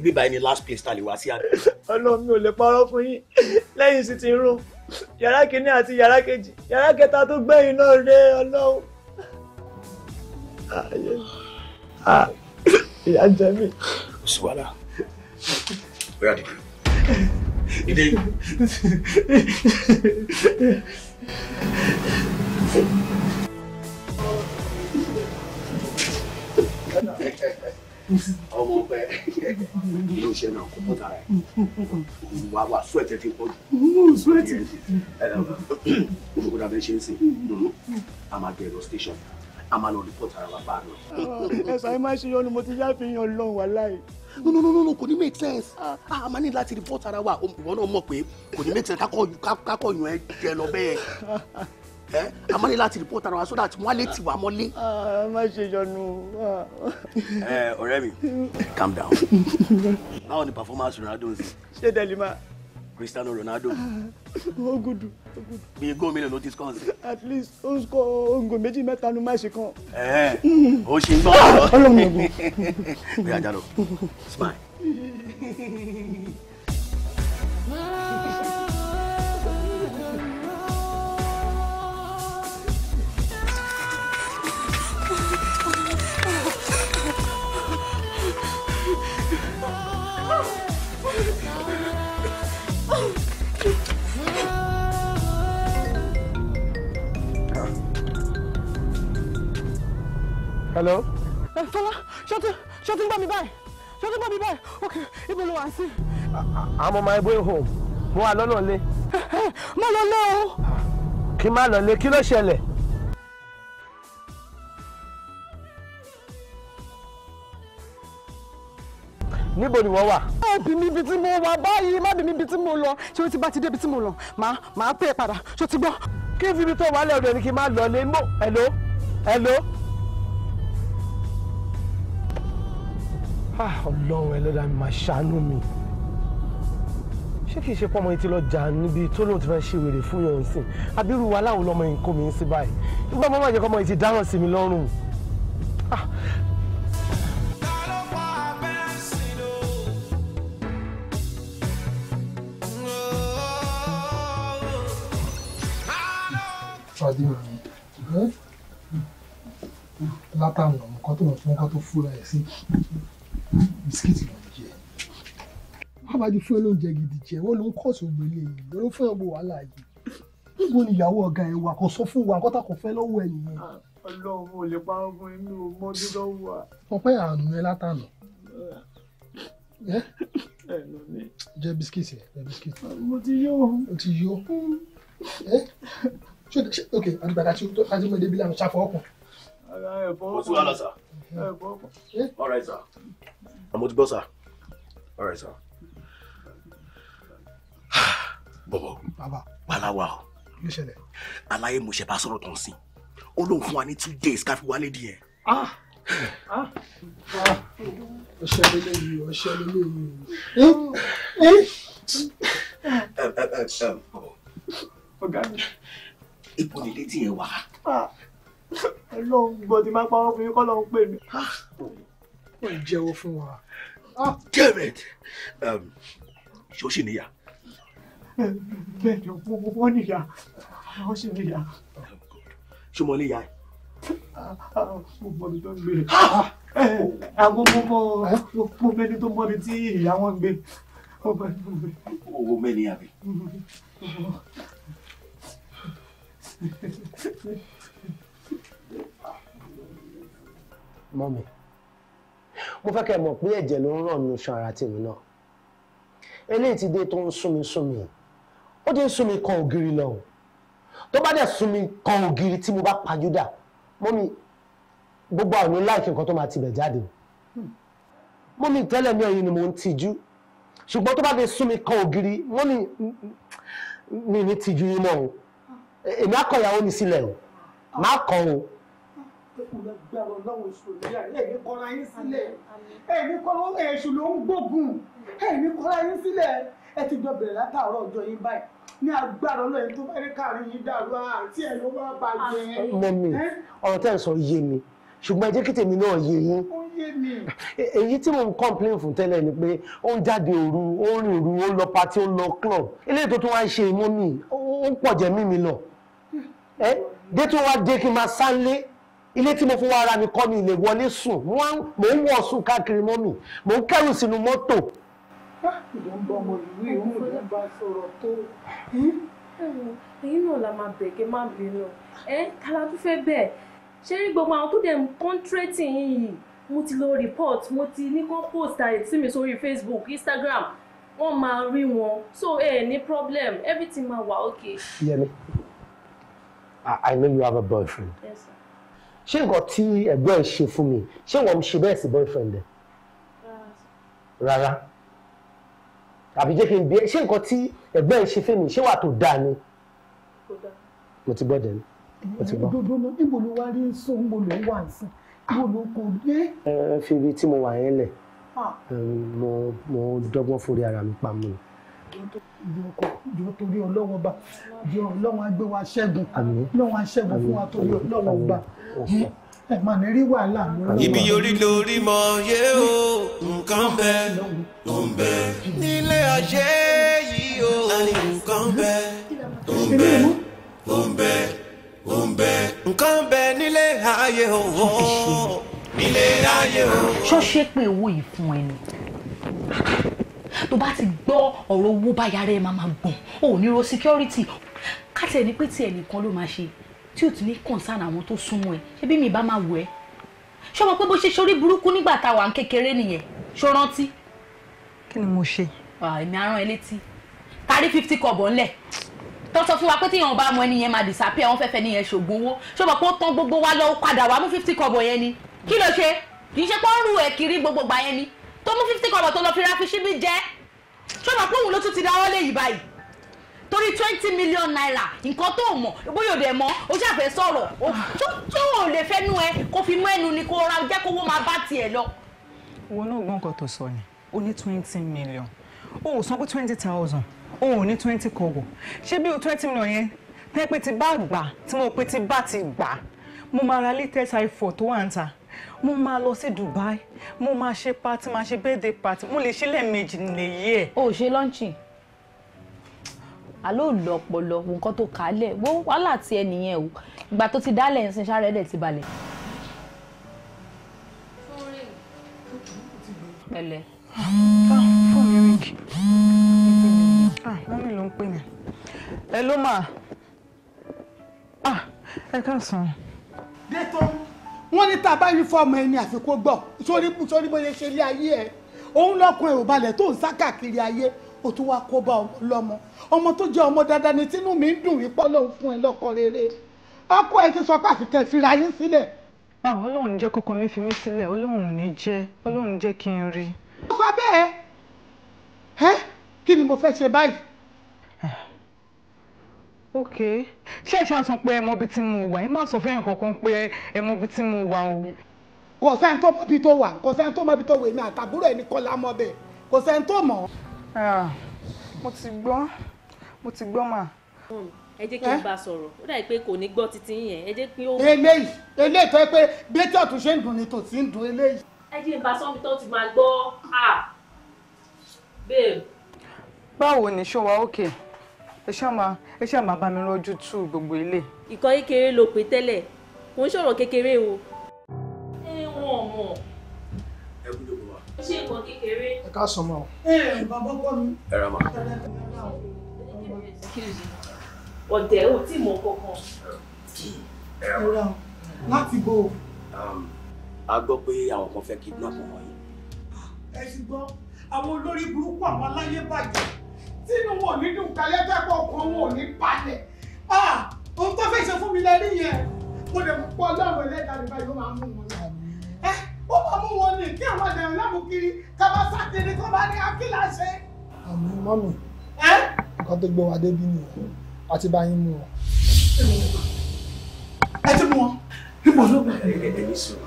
ibi báyìí ni last place ta lè wá sí àná. ọlọ́run mi ò lè parọ́ fún yín lẹ́yìn sí ti rún yàrá kìíní àti yàrá kejì yàrá kẹta tó gbẹ̀yìn náà rẹ ọlọ́run. ìyá jẹ mí. kò sí wàhálà bóyá dìde dìde. Thank you ọmọ ọbẹ ilé iṣẹ́ náà kò mọ dára ẹ wà wà sweat fi pọ̀ jù sweat olùkọ́dà bẹ́ẹ̀ ṣe ń sìn a máa gẹ̀ lọ station a máa lọ report ara wa bá a lọ. ẹ sọ ẹ má ṣe yọnu mo ti yá fi yan lọ wà láì. no no no no kò ní make sense a máa ní láti report ara wa ìwọ náà mọ̀ pé kò ní make sense kákọ̀ yun ẹ jẹ lọ bẹ́ẹ̀. Eh? a máa ní láti report ara wa so that wọ́n á lè tì wá mọ́lé. Ah, má ṣe yọnu. Eh, ọ̀rẹ́ mi calm down báwo ni performance Ronaldo ń sìn. ṣé dẹ́límà. Cristiano Ronaldo. Ah, ó gùdù. bí igó mi lè ló ti score sí. at least ó ń sọ òǹgò méjì mẹ́ta nu má ṣe kan. ẹ eh, ẹ ó ṣe ń gbọ́. Ah, ọlọ́run ọ̀gbọ́n. bí ajá lọ smile. hello. ẹ eh, Tọ́lá ṣọtí ṣọtí ń gbọ́ mi báyìí ṣọtí ń gbọ́ mi báyìí ok ibo I'm on my way home mo wà lọ́nà lé. Eh, eh, má lọ lé o. kí má lọ lé kí ló ṣẹlẹ̀. níbo ni wọ́n wà. má bì mí ibi tí mo wà báyìí má bì mí ibi tí mo lọ ṣé o ti bá ti dé ibi tí mo lọ màá màá pè é padà ṣó ti gbọ́. kí fi ibi tó wà lẹ́rù ẹni kí n má lọ lé mọ́ hello hello. Ah, ọlọ́run ẹlẹ́dàá mi máa ṣàánú mi ṣé kìí ṣe pọ́nmọ́ etí lọ jà níbi tó lóun ti fẹ́ ṣe wèrè fún yẹn sìn abirú wa láwo lọmọ yìí kó mi ń sí báyìí nígbà mọ́ máa jẹ́ kọ́mọ etí dáràn sí mi lọ́rùn. Ah. látàrí ọ̀nà kan tó lọ fún ọkọ tó fúra ẹ̀ sí bisikíìtì ló jẹ wọn bá ti fún ẹ lóúnjẹ gidi jẹ wọn ló ń kọ sóògbé lè yìí ló fún ẹ gbọ wàhálà yìí níbo ni ìyàwó ọ̀gá ẹ wà kó sọ fún wa kọ́tà kò fẹ́ lọ́wọ́ ẹ nìyẹn. Ah, Ọlọ́run ò lè pa ọmọ inú mọdé lọ́wọ́ wa. ọpẹ àánú ẹ látànà eh. Eh? jẹ bisikíìtì jẹ bisikíìtì. Ah, mo ti yó. o ti yó. Mm. Eh? ṣé ok àgbàdo àti ọmọdé bí lànà ṣàfọwọ́kùn mo ti wá lọ sà eh? all right sà àmọ́ ah, ti gbọ́ sà all right sà. bọ̀bọ̀ balawa o alaye mo ṣe bá sọ̀rọ̀ tán sí olóhùn fún wa ní two days ká fi wálé díẹ̀. ah ah ah ọṣẹ lélẹyìí ọṣẹ lélẹyìí eh? eh? ọ̀gá mi. Ipò nílé tí yẹn wà. Ah! ọlọ́run gbọ́ ti máa parọ́ fún yín kọ́ lọ́run pè mí. wọ́n ah, jẹ́wọ́ fún wa. Ah. damn it um, ṣé ó sì níyà. bẹ́ẹ̀ ni wọ́n níyà wọ́n sì níyà. Oh, ṣé mo níyà ẹ. gbogbo ah, mi tó ń gbé. Eh, àwọn ọmọ mo mẹni tó mọ mi tí ìyá wọn gbé. owó mẹ́ni àbí. mọ́mi mo fẹ́ kẹ́ mọ̀ pé ẹ̀jẹ̀ ló ń ràn mí oṣù ara tèmi náà eléyìí ti dé tó ń súnmi súnmi ó ti ń súnmi kan ògiri lọ tó bá dẹ̀ súnmi kan ògiri tí mo bá pajúdà mọ́mi gbogbo àwọn oníláìkí nǹkan tó máa tibẹ̀ jáde mọ́mi tẹ́lẹ̀ mi ẹ̀yìn ni mo ń tijú ṣùgbọ́n tó bá dẹ̀ súnmi kan ògiri mọ́mi mi ní tijú yín mọ́ o èmi á mi sílẹ̀ o má kọ o kù lágbára ọlọ́run èṣù ló ń gbógun ẹ̀mí kọ́ra yín sílẹ̀ ẹ ti jọ bẹ̀rẹ̀ látàárọ̀ ọjọ́ yín báyìí ní agbára ọlọ́run tó bá káàrin yín dàrú àti ẹ̀ ló wá bàjẹ́. mọ́mì ọ̀rọ̀ tẹ́ ẹ̀ sọ yé mi ṣùgbọ́n ẹ jẹ́ kí náà yé yín èyí tí mo ń complain fún tẹ́lẹ̀ ni pé ó ń jáde òru ó ń rìn òru ó ń lọ party ó ń lọ club eléyìí tó tún wá ń ṣe mọ́mì ó ń pọ̀jẹ́ mímì lọ dé tó wá dé kí n máa sálé ilé tí mo fún wàrà mi kọ́ mi lè wọlé sùn mò ń wọ̀ sùn káàkiri mọ́ mi mò ń kẹ́rù sínú mọ́tò. Ah, ìdè ń bọ ọmọ ìlú ìhùn ìdè ń bá sọ̀rọ̀ tó. Hmm? ẹ̀yin náà la máa bẹ̀ kí má bínú ẹ tala tó fẹ́ bẹ́ẹ̀ ṣé rí gbogbo àwọn tó dẹ̀ ń kọ́ńtírẹ́tì yìí mo ti lọ report mo ti ní kán post àìsí mi sórí Facebook Instagram wọ́n máa rí wọn so ẹ ní problem everything máa wà okay. Yẹmi, I, know you have a boyfriend. Yes, ṣé nǹkan tí ẹ̀gbọ́n ẹ̀ ṣe fún mi ṣé wọ́n ń ṣe bẹ́ẹ̀ sí boyfriend ẹ̀ rárá àbí jẹ́ kí n bí ẹ ṣé nǹkan tí ẹ̀gbọ́n ẹ̀ ṣe fún mi ṣé wà tó dáa ni mo ti gbọ́ dẹ̀ ni mo ti gbọ́. dodo náà níbo ló wá rí sọ ń bolo wà sí níbo ló kò dé. ẹ ẹ fi ibi tí mo wà yẹn lẹ ah. mo mo dọ́gbọ́n forí ara mi pa mu ìjọkọ ìjọ torí ọlọ́wọ́ bá ìjọ ọlọ́wọ́ á gbé wa ṣẹ́gun ọlọ́wọ́ á ṣẹ́gun fún wa torí ọlọ́wọ́ bá ẹ mà ní rí wàhálà mi. ibi orí lórí mọ yé o nǹkan bẹ tó ń bẹ nílé ayé yìí o nǹkan bẹ tó ń bẹ tó ń bẹ tó ń bẹ nǹkan bẹ nílé ayé o nílé ayé o. ṣọ́ṣẹ́ pé owó yìí fún ẹni tó bá ti gbọ́ ọ̀rọ̀ owó báyà rẹ̀ máa máa gbọ̀n ò ní ro security káti ẹni pé tí ẹnìkan ló máa ṣe tí ò ti ní concern àwọn tó súnmọ́ ẹ ṣé bí mi bá máa wù ẹ́ ṣé o mọ̀ pé bó ṣe ṣorí burúkú nígbà tá a wà ń kékeré nìyẹn ṣó rántí. kí ni mo ṣe. èmi á ẹ létí kárí fifty kọ̀bọ̀ ńlẹ̀ tó sọ fún wa pé tí èèyàn bá mọ ẹni yẹn máa disappear àwọn fẹ́fẹ́ nìyẹn ṣògùn owó ṣé o mọ̀ pé ó tán gbogbo wa lọ padà wá mú fifty kọ̀bọ̀ yẹn ni kí ló ṣe kì í ṣe pé ó ń rù ẹ̀ kiri gbogbo gbà yẹn ni tó mú fifty kọ̀bọ̀ tó lọ fi ra fi ṣíbí jẹ́ ṣọ́nà pé òun ló tún ti dáwọ́ lé yìí báyìí torí twenty million naira nǹkan tó mọ̀ bóyá òde mọ̀ o ṣàfẹ́ sọ̀rọ̀ tó tó ò lè fẹ́nu ẹ kó fi mọ́ ẹnu ni kó ra jẹ́ kówó máa bá tiẹ̀ lọ. wo náà gbọ́n kan tó sọ ni o ní twenty million o ò san pé twenty thousand o ò ní twenty kọ̀wọ̀ ṣé bí o twenty million yẹn tẹ́ pé ti bá gbà tí mo pé ti bá ti gbà mo máa ra latest iphone tó wà ń ta mo máa lọ sí Dubai mo máa ṣe party máa ṣe birthday party mo lè ṣe lẹ́ẹ̀mejì nìyí ẹ̀. o ṣe lọ́ǹchì àló lọ ọpọlọ nǹkan tó kà á lẹ̀ wọ́n wàhálà ti ẹ nìyẹn o ìgbà tó ti dálẹ̀ ń sin sáré ẹ̀dẹ̀ ti balẹ̀. pẹ̀lẹ́. fún ah, mọ́mí ló ń pè mí ẹ ló mà ẹ káàsán. dé tán wọ́n ní tá a bá rí fọ́ọ̀mù ẹni àfikún gbọ̀ sórí sórí bó ṣe ṣe ilé ayé ẹ̀ òun lọ́kùn ẹ̀ ò balẹ̀ tó ń sá káàkiri ayé ó tún wáá kó bá ọmọ lọ́mọ ọmọ tó jẹ́ ọmọ dáadáa ni tínú mi ń dùn wí pé Ọlọ́run fún ẹ lọ́kọ rere ọkọ ẹ ti sọ pé àfikẹ́ fira yín sílẹ̀. àwọn Ọlọ́run jẹ́ kọ́kọ́ mi fi mí sílẹ̀ Ọlọ́run ní jẹ́ Ọlọ́run jẹ́ kí n rí. ó bẹ́ẹ̀ ẹ́ kí ni mo fẹ́ ṣe báyìí ok ṣé ẹ ṣáà sọ pé ẹ mọ ibi tí mo wà ẹ má sọ fẹ́yìn kankan pé ẹ mọ ibi tí mo wà o. kò sẹ́ni tó mọ ibi tó wà kò sẹ́ni tó mọ ibi tó wà èmi àtàbúrò ẹni kọ́ la mọ bẹ́ẹ̀ kò sẹ́ni tó mọ̀. mo ti gbọ́ mo ti gbọ́ mà. ẹ jẹ́ kí n bá sọ̀rọ̀ ó dàbí pé kò ní gbọ́ títí yẹn ẹ jẹ́ pé ó. eléyìí eléyìí tó yẹ pé bí tí ọ̀tún ṣe ń dùn ni tòsí ń dùn eléyìí. ẹ jẹ́ n bá sọ́mi tó ti máa gbọ́ báwo ni ṣó wa ẹ ṣáà máa ẹ ṣáà máa bá mi rọjú tú gbogbo ilé. ìkan kékeré ló pè tẹ́lẹ̀ kò ń sọ̀rọ̀ kékeré o. ẹ wọn mọ. ẹ kú jòkó wa. ṣé nǹkan kékeré. ẹ ká sọ ma o. ẹ ẹ bàbá kọ mi. ẹ ra ma. ọ̀dẹ̀ ò tí mọ̀ kankan. ẹ ra ma. láti bò. Um, a gbọ́ pé àwọn kan fẹ́ kidnap wọn yìí. ẹ ti gbọ́ àwọn olórí burúkú àwọn aláyé bàjẹ́ tínú wọn ò ní dùn kalẹ̀ bẹ́ẹ̀ kọ́ kan wọn ò ní balẹ̀ ah, ohun tó fẹ́ ṣe fún mi lẹ́rí yẹn mo lè pọ̀ ọlọ́run ẹlẹ́dàá mi báyìí eh, ó máa mú wọn lọ ẹ ó máa mú wọn ní kí àwọn ẹ̀dẹ̀rẹ̀ láàmú kiri ká bá sátẹ̀lẹ̀ kó bá ní akílà ṣe. àmì mọ́mì eh? nǹkan tó gbé wa débi ni a ti bá yín mú wọn. ẹ ti mú wọn níbo ló bá yẹ. ẹ ní sùn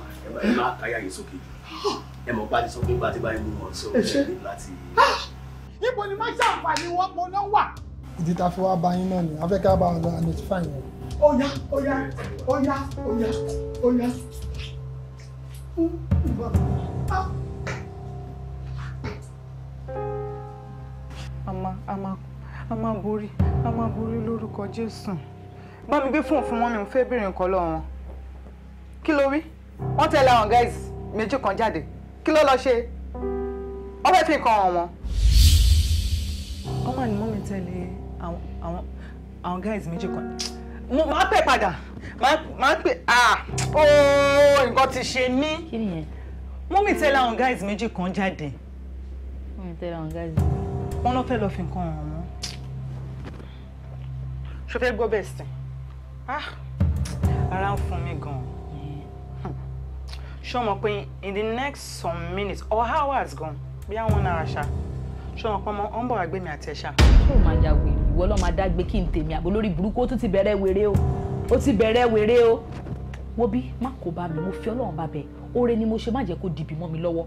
ẹ máa káyà yìí sókè ah. ẹ mọ̀ bá ti sọ pé bá ti bá yín mú wọn sọ ẹ ní láti. Ah níbo ni wọ́n ṣàǹfààní wọn mo náà wà. ìdí tá a fi wá bá yín náà ni a fẹ́ ká bá ọ̀la notify yẹn. ọ̀yá ọ̀yá ọ̀yá ọ̀yá ọ̀yá. àmà àmà a máa borí a máa borí lórúkọ jésù bá mi gbé fóònù fún wọn mi ò fẹ́ bèrè nǹkan lọ wọn kí ló rí wọ́n tẹ̀lé àwọn guys méjì kan jáde kí ló lọ ṣe wọ́n fẹ́ fi nǹkan hàn wọ́n. Come on, Mommy tell àwọn àwọn guys méjì kan mo máa pè padà máa pè ah ooo nǹkan ti ṣe mí mọ́mí tẹ̀lé àwọn guys méjì kan jáde. mọ́mí tẹ̀lé àwọn guys méjì. wọ́n lọ fẹ́ lọ fi nǹkan hàn wọ́n. ṣo fẹ́ gbọ́ bẹ́ẹ̀ sí ah ara ń fún mi gan me ṣé o mọ̀ pé in the next some minutes or hours gan bí àwọn náà ṣá ṣọmọ pọmọ ọ ń bọ̀ àgbẹ̀mí àti ẹ̀ṣà. ṣé o máa ya wèrè ìwọ lọ́ọ́ máa dágbé kí n tèmi àbò lórí burúkú ó tún ti bẹ̀rẹ̀ wèrè o ó ti bẹ̀rẹ̀ wèrè o. wo bí má kó bá mi mo fi ọlọ́run bá bẹ̀ oore ni mo ṣe má jẹ́ kó dìbì mọ́ mi lọ́wọ́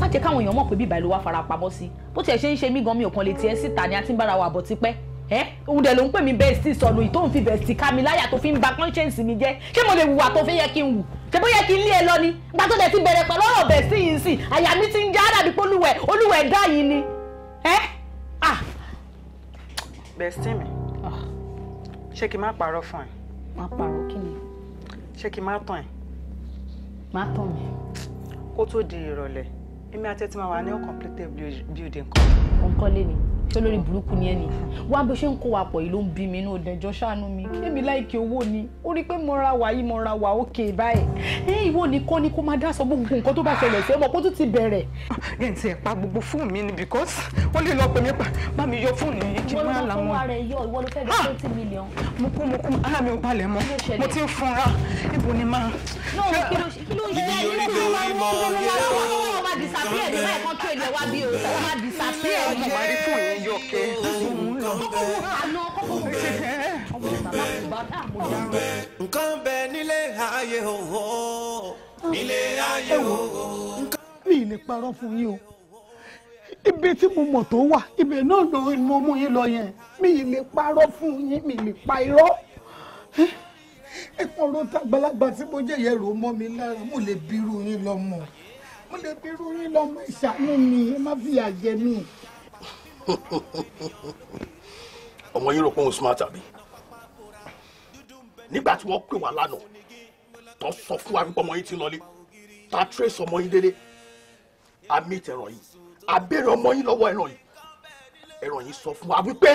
má jẹ́ káwọn èèyàn mọ̀ pé bíbá ìlú wa fara pamọ́ sí bó tiẹ̀ ṣe ń ṣe mí gan mi ò kan lè tiẹ̀ síta ni a ti ń bára wa àbọ̀ tipẹ́ ẹ òun dẹ̀ ló ń pè mí bẹ́ẹ̀ sí sọnù ìtò òun fi bẹ̀ẹ̀ sí ká mi láyà tó fi ń ba conscience mi jẹ́ ṣé mo lè wùwà tó fi yẹ kí n wù ṣé bó yẹ kí n lé ẹ lọ ni gbàtọ́ dẹ̀ ti bẹ̀rẹ̀ pẹ̀lú ọ̀rọ̀ bẹ̀ẹ̀ sí yìí sí àyà mi ti ń já dàbí pé olúwẹ̀ dá yìí ni ẹ ah. bestie mi ah. ṣé kí n má parọ́ fún ẹ. má parọ́ kí ni. ṣé kí n má tàn ẹ. má tàn mi. kó tó di ìrọ̀lẹ́ èmi àti ẹ ti máa wà ní uncompleted building kan. òǹkọ́lé ni tó lórí burúkú ni ẹni wá bó ṣe ń kó wa pọ̀ yìí ló ń bí mi inú ọ̀dẹ̀jọ́ ṣàánú mi èmi láìkí owó ni ó rí pé mo ra wà yìí mo ra wà ókè báyìí ẹ ìwọ nìkan ni kó máa dá sọ gbogbo nǹkan tó bá ṣẹlẹ̀ sí ẹ kó tún ti bẹ̀rẹ̀. ẹ ǹ tiẹ̀ pa gbogbo fóònù mi ni because wọ́n lè lọ pè mí pa bá mi yọ fóònù yìí kí n máa làwọn. mo kú mo kú ara mi ò balẹ̀ mọ́ mo ti ń funra ibo náà kí ló ń ṣe disappear ní wẹ́ẹ̀ kan come èdè wá bí o sọ ma disappear. ọmọ bá rí fún yín yọ kẹ. àná kókó ọmọ bàbá kò bá dá àmọ́ dáràn. nǹkan bẹ nílé ayé òwò nílé ayé òwò. mi ì ní parọ́ fún yín o ibi tí mo mọ̀ tó wà ibẹ̀ náà ló mo mú yín lọ yẹn mi ì lè parọ́ fún yín mi ì lè pa irọ́ ẹ̀kọ́ ló ta àgbàlagbà tí mo jẹ́ yẹn rò mọ́ mi lára mo lè bírú yín lọ́mọ mo lè fi rúrí lọ́mọ ìṣàánú mi ẹ má fìyà jẹ mí. ọmọ yìí rò pé òun smart àbí nígbà tí wọ́n pè wá lánàá tó sọ fún wa wípé ọmọ yìí ti lọlé ta trace ọmọ yìí délé àmì ìtẹ̀ràn yìí àbẹ̀rẹ̀ ọmọ yìí lọ́wọ́ ẹ̀ràn yìí ẹ̀ràn yìí sọ fún wa wípé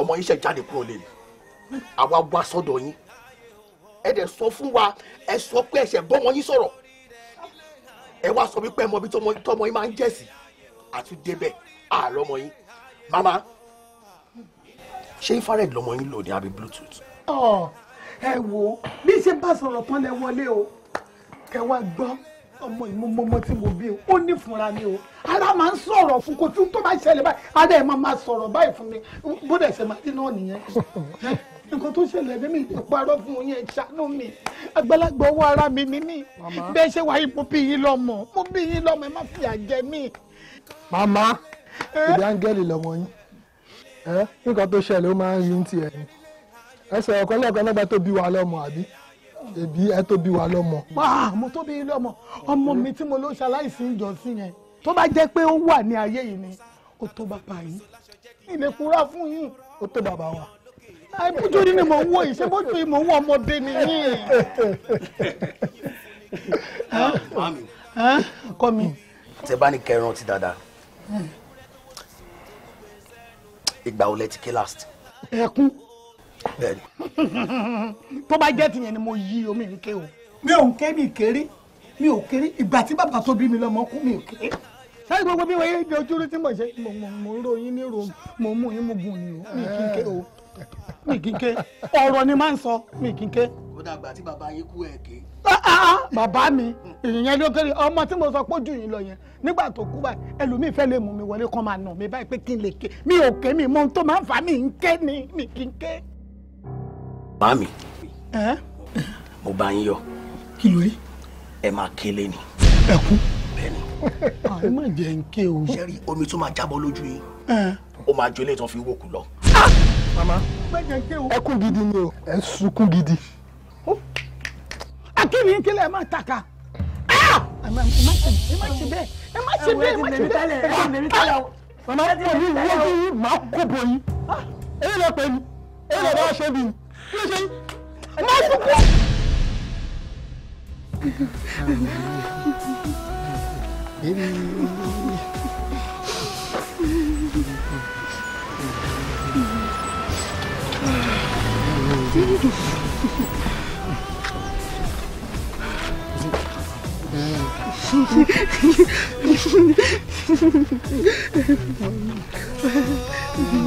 ọmọ yìí ṣe jáde kúrò lé ni àwa wá sọ́dọ̀ yín ẹ dẹ̀ sọ fún wa ẹ sọ pé ẹ ṣẹ̀ bọ́mọ yín sọ̀rọ̀ ẹ wá sọ wípé ẹmọ bí tọmọ yín máa ń jẹ̀sì àti débẹ̀ àárọ̀ ọmọ yín mama ṣé infrared lọmọ yín lò ní àbí bluetooth. ọ ẹ wo bí ṣe bá sọ̀rọ̀ tán lẹ wọlé o kẹ wá gbọ́ ọmọ ìmọ̀mọ́mọ́ tí mo bí ó ní fúnra mi o ara máa ń sọ̀rọ̀ fún kò tí tó bá ṣẹlẹ̀ báyìí ara ẹ̀ máa sọ̀rọ̀ báyìí fún mi bóde ẹ̀sẹ̀ máa dín náà nìyẹn nǹkan tó ṣẹlẹ̀ bí mi ìparọ́ fún yẹn ṣàánú mi àgbàlagbà ọwọ́ ara mi ni mí bẹ́ẹ̀ ṣe wáyé mo bí yín lọ́mọ mo bí yín lọ́mọ ẹ má fi àjẹ mí. màmá ìdí áńgẹ́lì lọ́mọ yín nǹkan tó ṣẹlẹ̀ ó máa ń rí ní tiẹ̀ ẹsẹ̀ ọ̀kan lẹ́ẹ̀kan lọ́gbà tó bí wa lọ́mọ àbí Ebi, ẹ tó bí wa lọ́mọ. mo tó bí lọ́mọ ọmọ mi tí mo ló ṣaláìsí ìjọsìn yẹn tó bá jẹ́ pé ó wà ní ayé yìí ni ó tó bàbá yìí ilẹ̀ kúrà fún yín ó tó bàbá wa àìbójú ni mò ń wọ ìṣe bójú ni mò ń wọ ọmọdé ni yín. kọ́ mi. tẹ bá ní kẹrin ọtí dáadáa hmm. ìgbà wo lẹ ti ké last. ẹkún. Eh, tó bá jẹ́ tìyẹn ni mo yí omi nké o mi ò ké mi kéré mi ò kéré ìgbà tí bàbá tó bí mi lọ́mọ kú mi ò kéré. sáyé gbogbo bí wọ́n yé di ojú rí tí mo ṣe mo ń ròyìn ní ro mo mú yín mo gùn ni o mi kí n ké o mi kí n ké ọ̀rọ̀ ni máa ń sọ mi kí n ké. ó dàgbà tí bàbá yín kú ẹ̀ ké. Ah, ah, ah. bàbá mi ìyẹn ló kéré ọmọ tí mo sọ pé jù yín lọ yẹn nígbà tó kú báyìí ẹlòmíì fẹ́ lè mú mi wọlé kan máa nà mí báyìí pé kí n lè ké mi ò ké mi mọ ohun tó máa ń fà mí ń ké ni mi kí n ké. Màámi. Mo bá yín yọ̀. Kí ló rí? Ẹ máa kélé ni. Ẹ kú. Bẹ́ẹ̀ni. Àì má jẹ́ ń ké o. Ṣé rí omi tó máa jábọ́ lójú yín? Ó máa ju eléyìí tó fi wòkú lọ. Ah! Màmá. Ẹ kú gidi ni o. Ẹ sunkún gidi. Akínní ń kílẹ̀ máa taka. Ah! Ẹ má ṣe bẹ́ẹ̀. Ẹ má ṣe bẹ́ẹ̀. Ẹ má ṣe bẹ́ẹ̀. Ẹ má ṣe bẹ́ẹ̀. Ah! Màmá kò ní ìwọ́jú yín, màá kó bo yín. Èyí lè pè mí. Èyí lè bá ṣe bí mi. Masuk ke. Ini.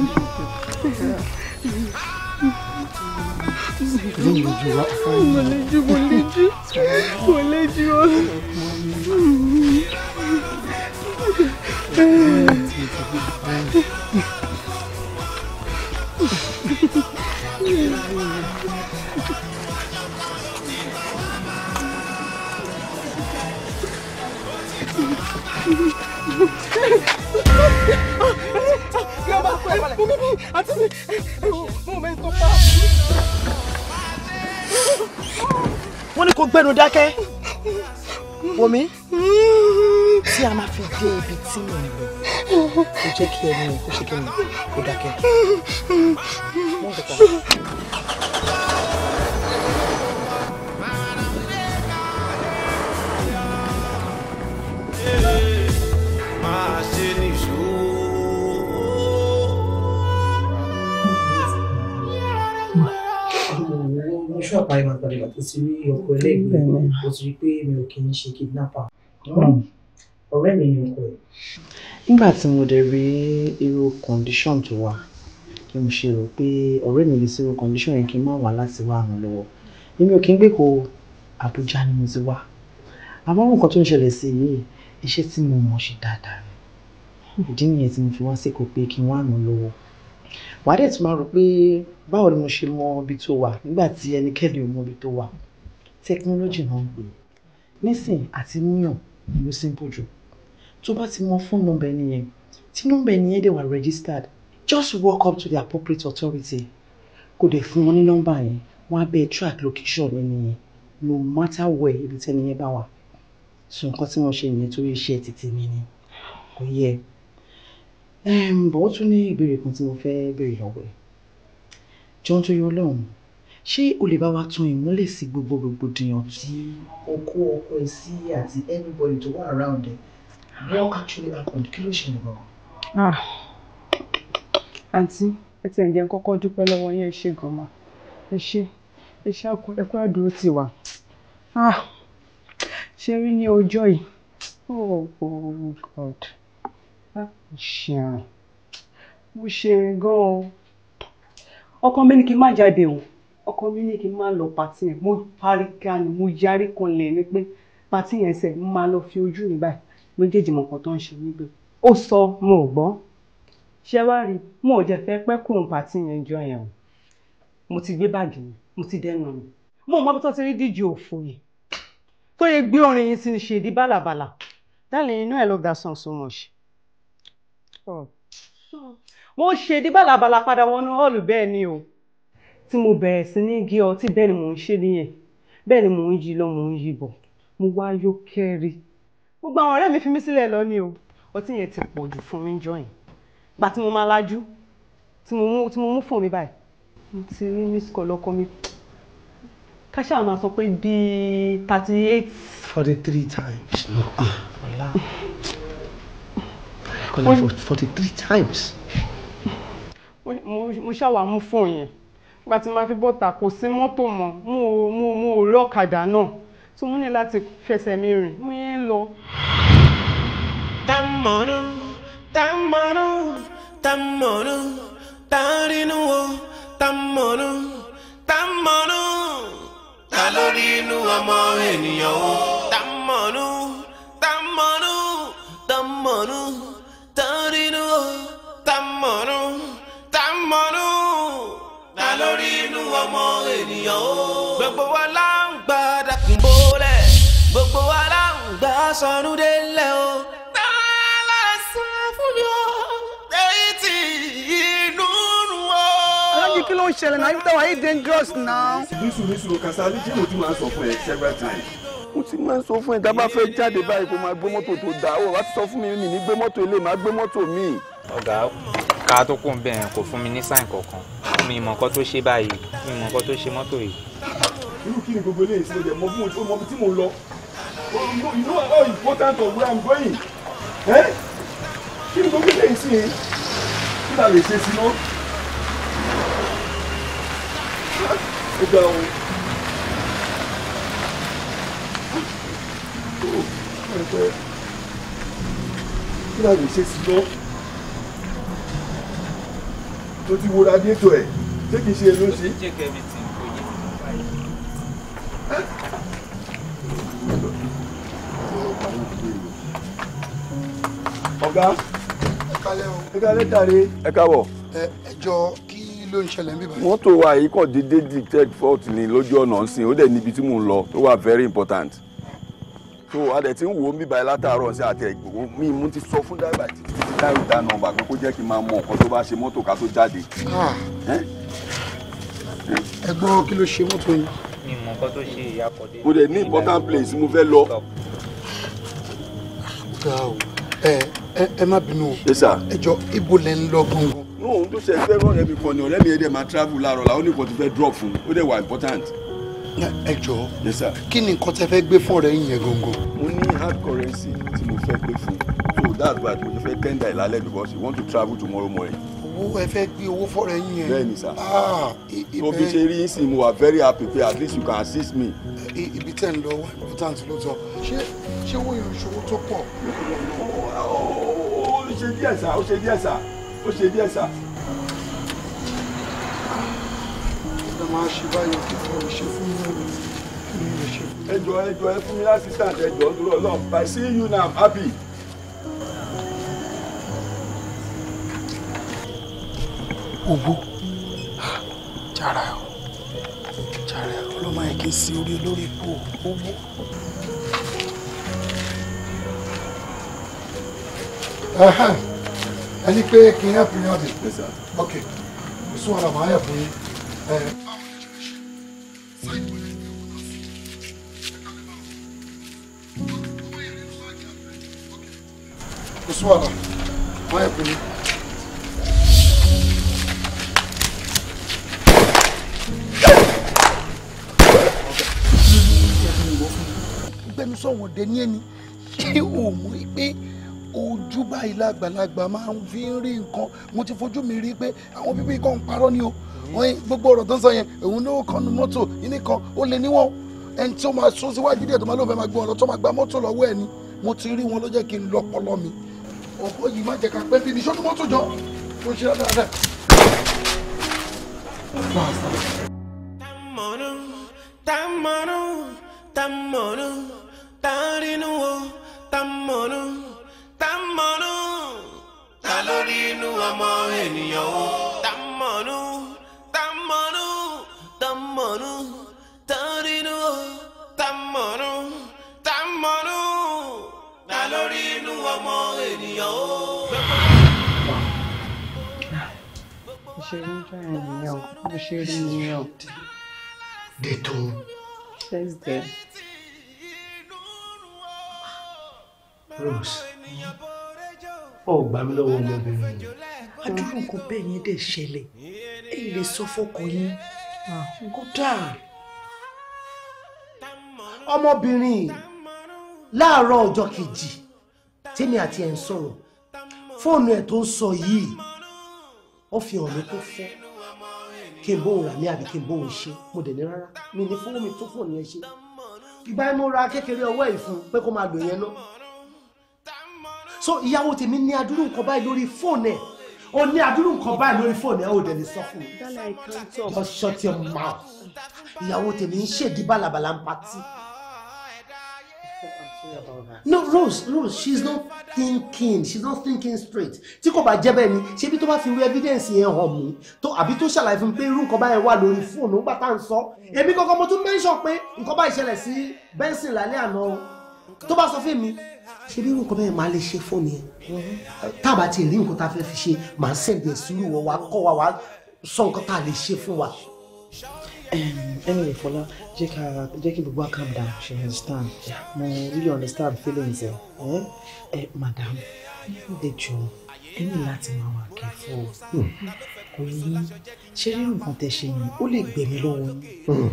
Hehehe mo lè mo lè mo lè jí dákẹ́ wòmí tí a máa fi dé ibi tí mò ń lọ kò jẹ́ kí ẹni yẹn kó ṣe kí ni kó dákẹ́. máa ṣe nìṣó. ṣọ́ọ̀pù ayé máa bàtà sí ọkọ̀ ẹlẹ́gbẹ̀ẹ́ mo ti rí i pé mi ò kì í ṣe kidnapper hmm. ọ̀rẹ́ mi ni ọkọ ẹ̀. nígbà tí mo dẹ̀ rí irú condition tó wà kí n ṣe rò pé ọ̀rẹ́ mi lè ṣe condition yẹn kí n má wà láti wá àrùn lọ́wọ́ èmi ò kí ń gbé kó Àbújá ni mo ti wá àmọ́ nǹkan tó ń ṣẹlẹ̀ sí yìí iṣẹ́ tí mo mọ̀ ṣe dáadáa rẹ̀ ìdí nìyẹn tí mo fi wá síkò pé kí n wá àrùn lọ́wọ́ wàá dẹ̀ tún máa rò pé báwo ni mo ṣe mọ ibi tó wà nígbà tí ẹnikẹ́ni ò mọ ibi tó wà technology náà ń pè nísìn àti múyàn ló simple jù tó bá ti mọ fóònù nọ́mbà ẹni yẹn tí nọ́mbà ẹni yẹn dẹ̀ wà registered just walk up to the appropriate authority kò dẹ̀ fún wọn ní nọ́mbà yẹn wọ́n á bẹ́ẹ̀ track location ẹni yẹn no matter where ibi tẹ́ni yẹn bá wà so nǹkan tí wọ́n ṣe nìyẹn torí iṣẹ́ títí mi ni kò yẹ bọ̀ ó tún ní ìbéèrè kan tí mo fẹ́ béèrè lọ́wọ́ ẹ̀ jọ́n yọ ọlọ́run ṣé o lè bá wa tún ìmúlẹ̀ sí gbogbo rògbòdìyàn tí o kó ọkọ ẹ sí àti anybody to wà around ẹ what actually happened kí ló ṣẹlẹ̀ gan-an. àǹtí ah. ẹ ti ǹjẹ́ kọ́kọ́ dúpẹ́ lọ́wọ́ yín ẹ ṣe gan-an ẹ ṣe ẹ ṣe ẹkú àdúró ti wà ah. ṣe rí ní ọjọ́ yìí oh, oh god ṣeun mo ṣe gan-an ọkàn mi ni kí n má jáde o ọkọ mi ní kí n máa lọ pàtí yẹn mo paríka ni mo yarí kanlẹ̀ ni pé pàtí yẹn ṣe mo máa lọ fi ojú mi báyìí méjèèjì mọ̀ nǹkan tó ń ṣe níbẹ̀ ó sọ mo ò gbọ́ ṣé wàá rí mo ò jẹ́ fẹ́ pẹ́ kúrò pàtí yẹn jọ yẹn o mo ti gbé báàgì mi mo ti dẹnu mi mo mọ bí tó ti rí díje òfò yìí tó yẹ gbé orin yìí ti ń ṣe di bálàbàlà darling you know I love that song so much. Oh. wọ́n ṣe di bálàbàlà padà wọnú hall bẹ́ẹ̀ ni o tí mo bẹ̀rẹ̀ sí ní gé ọtí bẹ́ẹ̀ ni mò ń ṣe nìyẹn bẹ́ẹ̀ ni mò ń yí lọ mò ń yí bọ̀ mo wá yó kẹ́rí gbogbo àwọn ọ̀rẹ́ mi fi mí sílẹ̀ lọ ni o ọtí yẹn ti pọ̀ jù fún mi jọyìn gbà tí mo máa lajú tí mo mú fún mi báyìí mo ti rí miss call ọkọ mi káṣá máa sọ pé bíi thirty eight. forty three times. ọ̀la kọ́lá forty three times. mo ṣàwámú fóònù yẹn nígbà tí màá fi bọ́ta kò sí mọ́tò mọ́ mo ò mo mo ò rí ọ̀kadà náà tí mo ní láti fẹsẹ̀ mi rìn mo yẹn ń lọ. tamọ́nù tamọ́nù tamọ́nù tarínú o tamọ́nù tamọ́nù ta lórí inú ọmọ ènìyàn o. ènìyàn o. gbogbo wa la ń gba dàkúnbólẹ̀ gbogbo wa la ń gba sọnúdélẹ̀ o. tààlà sọ fún mi o. èyí tí inú nù o. alájí kí ló ń ṣẹlẹ̀ náà ibùdó wàá yìí dangerous now. nísù nísù kasali jí mo ti máa sọ fún ẹ several times mo ti máa ń sọ fún ẹ tá a bá fẹ́ jáde báyìí kó máa gbé mọ́tò tó dáa ó wá sọ fún mi mi ní gbé mọ́tò ilé máa gbé mọ́tò míì. ọ̀gá ká tó kún bẹ́ẹ̀ kò fún mi ní sáìn kankan mi mọ̀ nǹkan tó ṣe báyìí mi mọ̀ nǹkan tó ṣe mọ́tò yìí. irú kí ni gbogbo eléyìí ṣe jẹ mọ bí mo tí mo lọ you know how oh, important of where i'm going kí ni gbogbo eléyìí ṣe kí la lè ṣe sí lọ. ó gbà wọn. kí la lè ṣe sí lọ tó ti wo radiator ẹ̀ ṣé kìí ṣe ló ṣe. ọ̀gá ẹ ká lẹ́tàrí. ẹ káwọ̀. ẹ jọ kí ló ń ṣẹlẹ̀ níbí báyìí. mọ́tò wa yìí kàn déédéé detect fault ni lójú ọ̀nà ń sìn ó dẹ̀ níbi tí mò ń lọ tó very important so a dẹ̀ ti ń wò ó ń bíbáyìí látàárọ̀ sí mi mo ti sọ fún dáìbà títí dáìrù dá nọ́mbà pé kó jẹ́ kí n máa mọ nǹkan tó bá ṣe mọ́tò ká tó jáde. Ah. ẹ gbọ́ kí ló ṣe mọ́tò yìí. mi mọ nǹkan tó ṣe ìyá kọ̀dé. mo dẹ̀ ní important place mo fẹ́ lọ. ẹ má bínú o ẹ jọ ibo lẹ ń lọ gangan. ní òun tó ṣe ẹgbẹ́ rán ẹbí kan ni ọ̀rẹ́ mi ẹ̀dẹ̀ máa travel láàárọ̀ la ó ní fẹ́ drop fún ó dẹ̀ wà important. ẹ jọ kí ni nǹkan tẹ fẹ́ gbé fún ọ̀rẹ́ yìí yẹn gangan. mo ní hard currency tí mo fẹ́ gbé fún that's why mo ṣe tender ẹ̀ lálẹ́ because you want to travel tomorrow morning. owó ẹ fẹ́ gbé owó fọ́rọ̀ ẹ̀yìn yẹn. bẹ́ẹ̀ni sá ah, so bí ṣe rí sí mo wà very happy pé at least you can assist me. ibi tẹ́ ń lọ wá important ló sọ ṣé ṣé owó ìrìnsòwò tó pọ̀. Oh, oh, ó ṣe díẹ̀ sá ó ṣe díẹ̀ sá ó ṣe díẹ̀ sá. ẹ máa ṣe báyìí kí wọ́n ṣe fún mi. ẹ jọ ẹ jọ ẹ fún mi assistant ẹ jọ dúró lọ by seeing you now i'm happy. owó jára o jára o ló máa yẹ kí n sí orí olórí ipò owó. ẹni pé kí n help you out ok kò sún ara màá help yín. kò sún ara sọ̀wọ́n dé ní ẹni ṣé o mọ̀ pé ojú báyìí lágbàlagbà máa ń fi rí nǹkan mo ti fojú mi rí pé àwọn bíbí kan ń parọ́ ni o wọ́n gbogbo ọ̀rọ̀ tó ń sọ yẹn òun ló kàn nu mọ́tò yìí kan ó lè níwọ̀n ẹni tí ó máa sún síwájú díẹ̀ tó máa lóun máa gbọ́ ọ̀rọ̀ tó máa gba mọ́tò lọ́wọ́ ẹ̀ ni mo ti rí wọn ló kí n lọ ọpọlọ mi ọ̀pọ̀ yìí má jẹ́ ká pẹ́ bí ní sọ́dún mọ́tò jọ ó ṣe dáadáa tárínúwo támọ̀nú támọ̀nú ta lórí inú ọmọ ènìyàn o támọ̀nú támọ̀nú támọ̀nú tárínúwo támọ̀nú támọ̀nú ta lórí inú ọmọ ènìyàn o. ṣe ń jọ ènìyàn bó ṣe rí nìyàn. dètò. ṣe ń jẹ. Rose ọ gbà mí lọ́wọ́ ọmọbìnrin yìí. adúrú nǹkan bẹ́ẹ̀ yẹn dẹ̀ ṣẹlẹ̀ èyí lè sọ fọkọ yín kódà. ọmọbìnrin yìí láàárọ̀ ọjọ́ kejì tèmi àti ẹ̀ ń sọ̀rọ̀ fóònù ẹ̀ tó ń sọ yìí ó fi hàn mí kó fọ́ kí n bóun rà ní àbí kí n bóun ṣe mo dẹ̀ ní rárá mi ní fóònù tó fóònù yẹn ṣe ìgbà yẹn mo ra kékeré ọwọ́ ìfun pé kó máa lò yẹn náà so ìyàwó tèmi ní adúrú nǹkan báyìí lórí fóònù ẹ̀ ó ní adúrú nǹkan báyìí lórí fóònù ẹ̀ ó dẹ̀ lè sọ fún mi just shut your mouth ìyàwó tèmi ń ṣèdí bàlàbàlà ń patí. No, Rose, Rose, she is not thinking. She is not thinking straight. Tí kò bá jẹ́ bẹ́ẹ̀ ni, ṣebí tó bá fi wí evidence yẹn hàn mí, tó àbí tó ṣàlàyé fún mi pé irú nǹkan báyẹn wà lórí fóònù nígbà tá à ń sọ. Èmi kankan mo tún mention pé nǹkan báyìí ṣẹlẹ̀ sí Benson lálẹ́ àná Tó bá sọ fún mi, ṣe bí nǹkan bẹ́ẹ̀ máa lè ṣe fóònù yẹn tábà ti rí nǹkan tá a fẹ́ fi ṣe máa ń sẹ̀dẹ̀ sùúrù wọ wa kọ́ wa wá sọ nǹkan tá a lè ṣe fún wa. anyway Fọlá jẹ́ ká jẹ́ kí gbogbo calm down she understand mo really understand feelings ẹ ẹ madam ẹ jọ ẹ ní láti máa wà kẹfọ hmm. kò yí ṣé rí nǹkan tẹ ṣe yìí ó lè gbẹ̀mí lọ́wọ́ yín. Hmm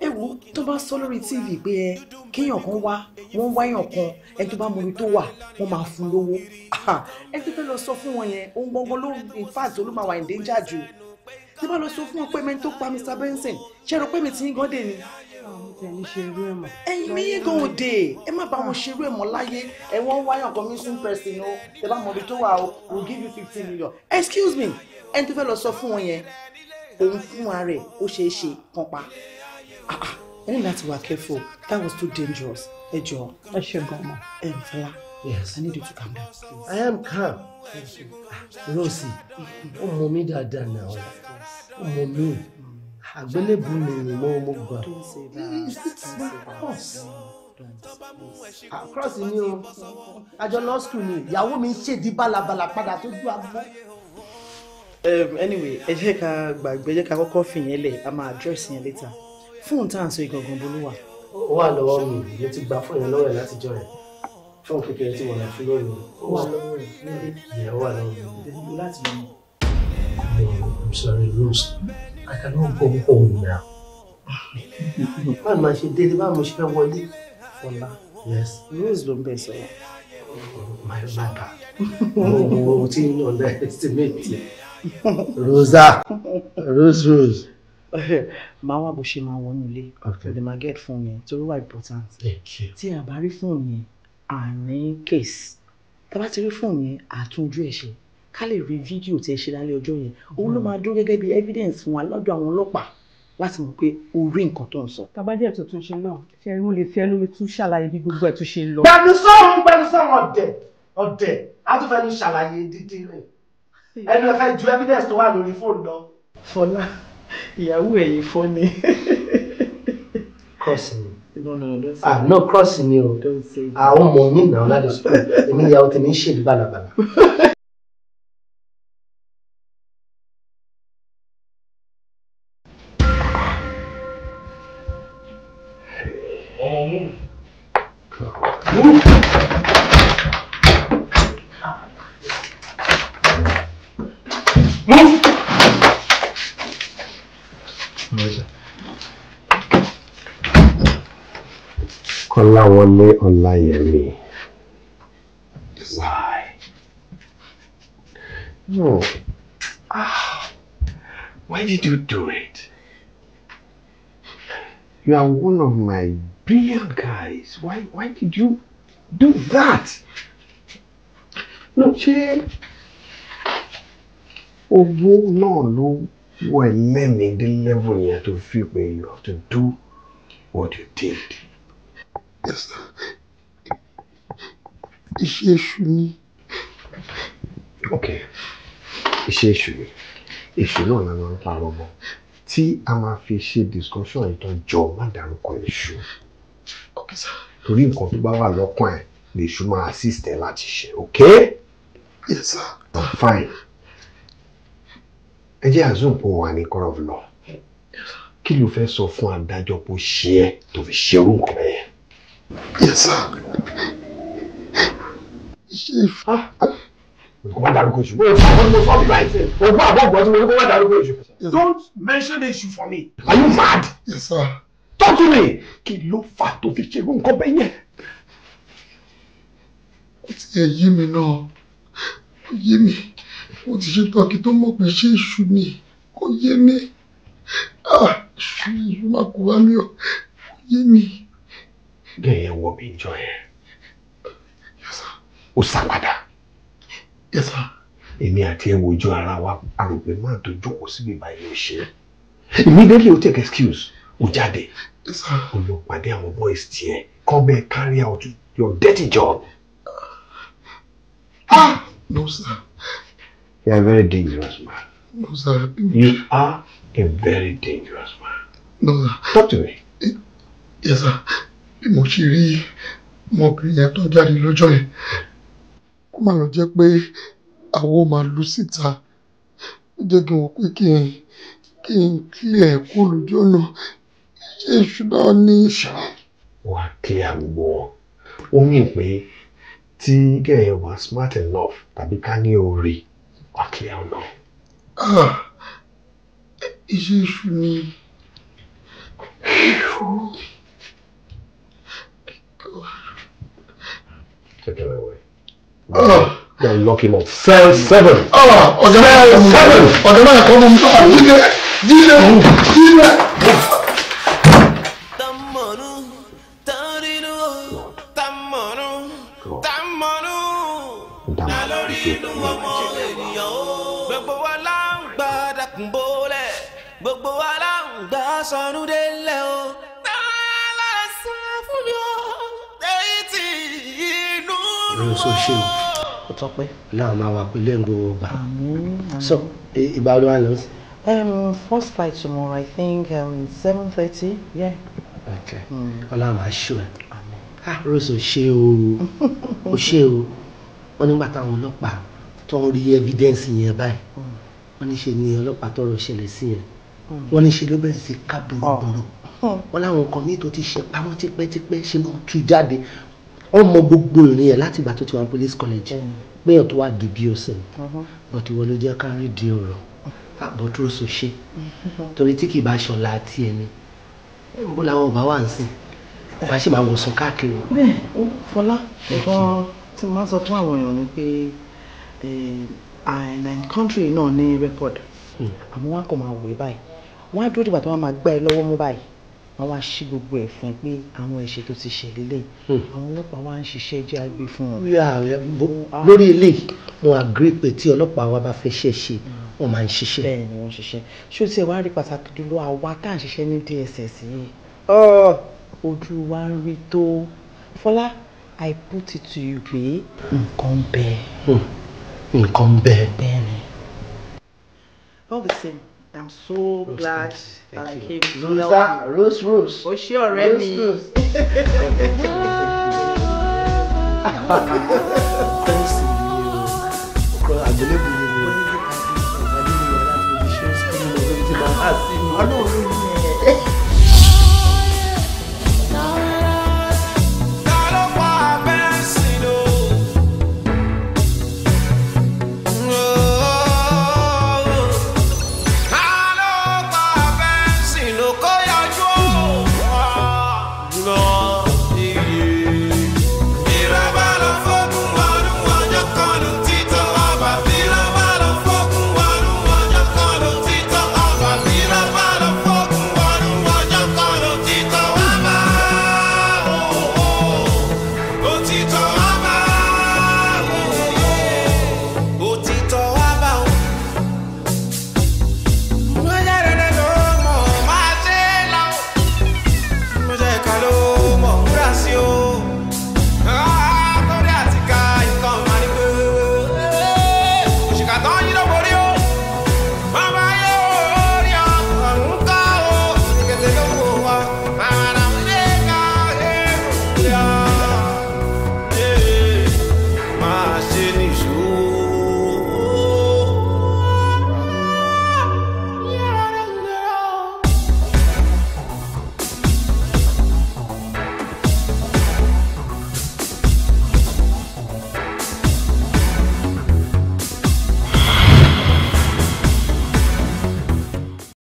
ẹ wo tó bá sọ lórí tv pé ẹ kéèyàn kan wá wọ́n wá èèyàn kan ẹ tó bá mọ ibi tó wà wọ́n máa fún lówó ẹ tó fẹ́ lọ sọ fún wọn yẹn òun gbọ́ngàn ló in fact ló máa wà in danger jù tí bá lọ sọ fún wọn pé mẹ́ni tó pa Mr Benson ṣe rò pé mi ti ń gan dè ni. ẹyin mi yín gan òde ẹ má bá wọn ṣerú ẹ mọ́ láyé ẹ wọ́n wá èèyàn kan missing person o ẹ bá mọ ibi tó wà o we'll give you fifteen million excuse me ẹ tó fẹ́ lọ sọ fún wọn yẹn òun fún ara ẹ ó ṣeé ṣe kan pa ẹ ní we are careful that was too dangerous ẹ jọ ẹ ṣe gan ọmọ ẹ yes i need you to calm down. Please. i am calm rosie ó mọ mi dáadáa náà ó mọ mi àgbélébù mi ni mo mo gbà it's my cross ah, cross ni o àjọ law school ni ìyàwó mi ń ṣèdí bálabàlà padà tó ju abọ́. Um, anyway ẹ jẹ́ ká gbàgbé ẹ jẹ́ ká kọ́kọ́ fìyẹn lẹ̀ a máa address yẹn later fóònù tá à ń sọ ìgangan bolúwa. ó wà lọ́wọ́ mi mo ti gba fóònù yẹn lọ́wọ́ ẹ̀ látijọ́ rẹ̀ fóònù kékeré tí wọ́n fi lónìí ó wà lọ́wọ́ rẹ̀ nílé ìyẹn wà lọ́wọ́ mi. láti lọ oh, I'm sorry Rose I cannot go home now. báwo ni màá ṣe délé báwo mo ṣe fẹ́ wọlé. Fọlá Rose ló ń bẹ̀ sọ̀rọ̀. my my bad mo ti ń yàn lẹ́ẹ̀sìmẹ́tì Rosa Rose Rose. máa wá bó ṣe máa wọnú ilé so they ma yẹn torí wà important tí a bá rí fóònù yẹn àárín case tá a bá ti rí fóònù yẹn àtúnjú ẹ̀ ṣe ká lè rí fídíò tí ẹ ṣe lálẹ́ ọjọ́ yẹn òun ló hmm. máa dúró gẹ́gẹ́ bí evidence fún wa lọ́dọ̀ àwọn ọlọ́pàá láti mọ̀ pé o rí nǹkan tó ń sọ. tàbá díẹ̀ tó tún ṣe náà ṣe mo lè fi ẹnu mi tún ṣàlàyé bí gbogbo ẹ̀ tún ṣe lọ. gbẹnu sọ́run gbẹnu sọ́run ọ̀dẹ̀ ọ̀dẹ̀ a tún fẹ́ nu ṣàlàyé dídí rẹ̀ ẹnu ẹ fẹ́ ju evidence tó wà lórí fóònù lọ. fọlá ìyàwó ẹ̀ yìí fọ́ ni. cross ni. no no don't say ah no cross ni o àwọn ọmọ yín náà ládùúgbò èmi ìyàwó tèmi ń ṣèlú bàlàbàlà. Kọ́láwọlé Ọláyẹmí. Why? No. Ah, why did you do it? You are one of my brilliant guys. Why, why did you do that? No, ṣé owó náà ló wọ ẹlẹ́mìí dé level yẹn to feel pé you have to do what you did. Iṣẹ́ èṣù ni. Okay. Iṣẹ́ èṣù ni. Èṣù náà la máa ń parọ́ mọ́. Tí a máa fi ṣe discussion ìtàn jọ má dárúkọ èṣù. Okay sir. Torí nǹkan tó bá wà lọ́kàn ẹ̀ lèṣù máa assist ẹ láti ṣe. Okay? Yes sir. I'm ah, fine. Ẹ jẹ́ assume pé o wà ní court of law. Kí ló fẹ́ sọ fún adájọ́ pé ó ṣe é tó fi ṣerú nǹkan bẹ́ẹ̀? Yes, sir. Chief. Kò má dárúkọ Èṣù. O fà wọ́n mo sọ Don't mention Èṣù for me. Are you mad? Yes, sir. Talk to me. Kí ló fà tó fi ṣerú nǹkan bẹ́ẹ̀ yẹn? Ó ti ẹ̀ yí mi náà. Ó yí mi. Mo ti ṣe tọ́kì tó mọ̀ pé ṣé Èṣù ni. Kò yé mi. Ah! Èṣù máa kú wá mi o. Kò mi gẹ̀ẹ́ yẹn wọ mi jọ yẹn ó sá padà èmi àti ẹ̀ wojú ara wa arògbé máa tó jókòó síbi báyìí ó ṣe immediately ó take excuse ó jáde ó lọ pàdé àwọn boys tiẹ̀ come bẹ́ẹ̀ carry out your dirty job. ah no sir. you are a very dangerous man. no sir. you are a very dangerous man. no sir. talk to me. yes sir bí mo ṣe rí ọmọkùnrin yẹn tó jáde lọ́jọ́ yẹn kó má lọ jẹ́ pé àwọn máa lu síta jẹ́ kí n wò pé kí n kí n kílẹ̀ kó lójú ọ̀nà ṣé ìṣúná ní ìṣá. wà á kílẹ̀ àgbègbè wọn ó mì pé tí gẹ̀ẹ́ wà smart enough tàbí ká ní oore wà á kílẹ̀ ọ̀nà. Ah, iṣẹ́ ìṣú ni. Take away. Oh. Now lock Cell seven. Cell seven. gbogbo wa la ń gbà sọnù délẹ̀ o. ọ̀rọ̀ sọ ṣe o ó tọ́pẹ́ náà máa wà pẹ̀lú ẹ̀ ń gbowó gbà so e, ìgbà wo ló wà lọ Um, first flight tomorrow, I think um, 7.30, yeah. Okay. Hmm. Ọlá máa ṣú ẹ. Ah, Rose ò ṣe o, ò ṣe o. Wọ́n nígbà táwọn ọlọ́pàá tó ń rí evidence yẹn báyìí. Hmm. Wọ́n ní ṣe ni ọlọ́pàá tọrọ ṣẹlẹ̀ sí yẹn. Hmm. Wọ́n ní ṣe ló bẹ̀rẹ̀ sí ká bòròbòrò. Oh. Wọ́n láwọn kan ní tó ti ṣe pamọ́ tipẹ́tipẹ́ ṣe ló tú jáde wọ́n mọ gbogbo ìrìn ẹ̀ láti ìgbà tó ti wà ní police college gbẹ̀yàn mm. tó wà dùbí ọ̀sẹ̀ mm-hmm. but ìwọ ló jẹ́ ká rí di ọ̀rọ̀ mm-hmm. àbọ̀dúró so ṣe mm-hmm. torí tí kì í bá ṣọlá àti ẹni bó làwọn ò bá wà ń sìn bá ṣe máa wòsàn káàkiri. bẹ́ẹ̀ fọlá nǹkan tí mo máa ń sọ fún àwọn èèyàn ni pé nine country náà ní record hmm. àmọ́ wọn kò máa wòye báyìí wọn á dúró dìgbà tó wọn máa gbá ẹ lọ́wọ́ mú báyìí wọ́n wá sí gbogbo ẹ̀ fún pé àwọn ẹ̀ṣẹ̀ tó ti ṣe lélẹ̀ hmm. àwọn ọlọ́pàá wá ń ṣiṣẹ́ jẹ́ àgbẹ̀ fún wọn. lórí ilé mo agree pé tí ọlọ́pàá wa bá fẹ́ ṣe ṣe hmm. wọ́n máa ń ṣiṣẹ́. bẹ́ẹ̀ ni wọ́n ṣiṣẹ́ ṣó tiẹ̀ wá rí pàtàkì dúró àwa tá à ń ṣiṣẹ́ ní DSS yìí oh. ojú wa ń rí tó Fọlá I put it to you pé hmm. nǹkan ń bẹ. nǹkan ń bẹ. bẹ́ẹ̀ ni all the same I'm so Rose, glad that I came to Rosa, Rose, Rose. Oh, she already. Rose, Rose. Thanks to you. I believe in you. I believe in you. I believe in you. I believe in you. I believe in you. I believe in you.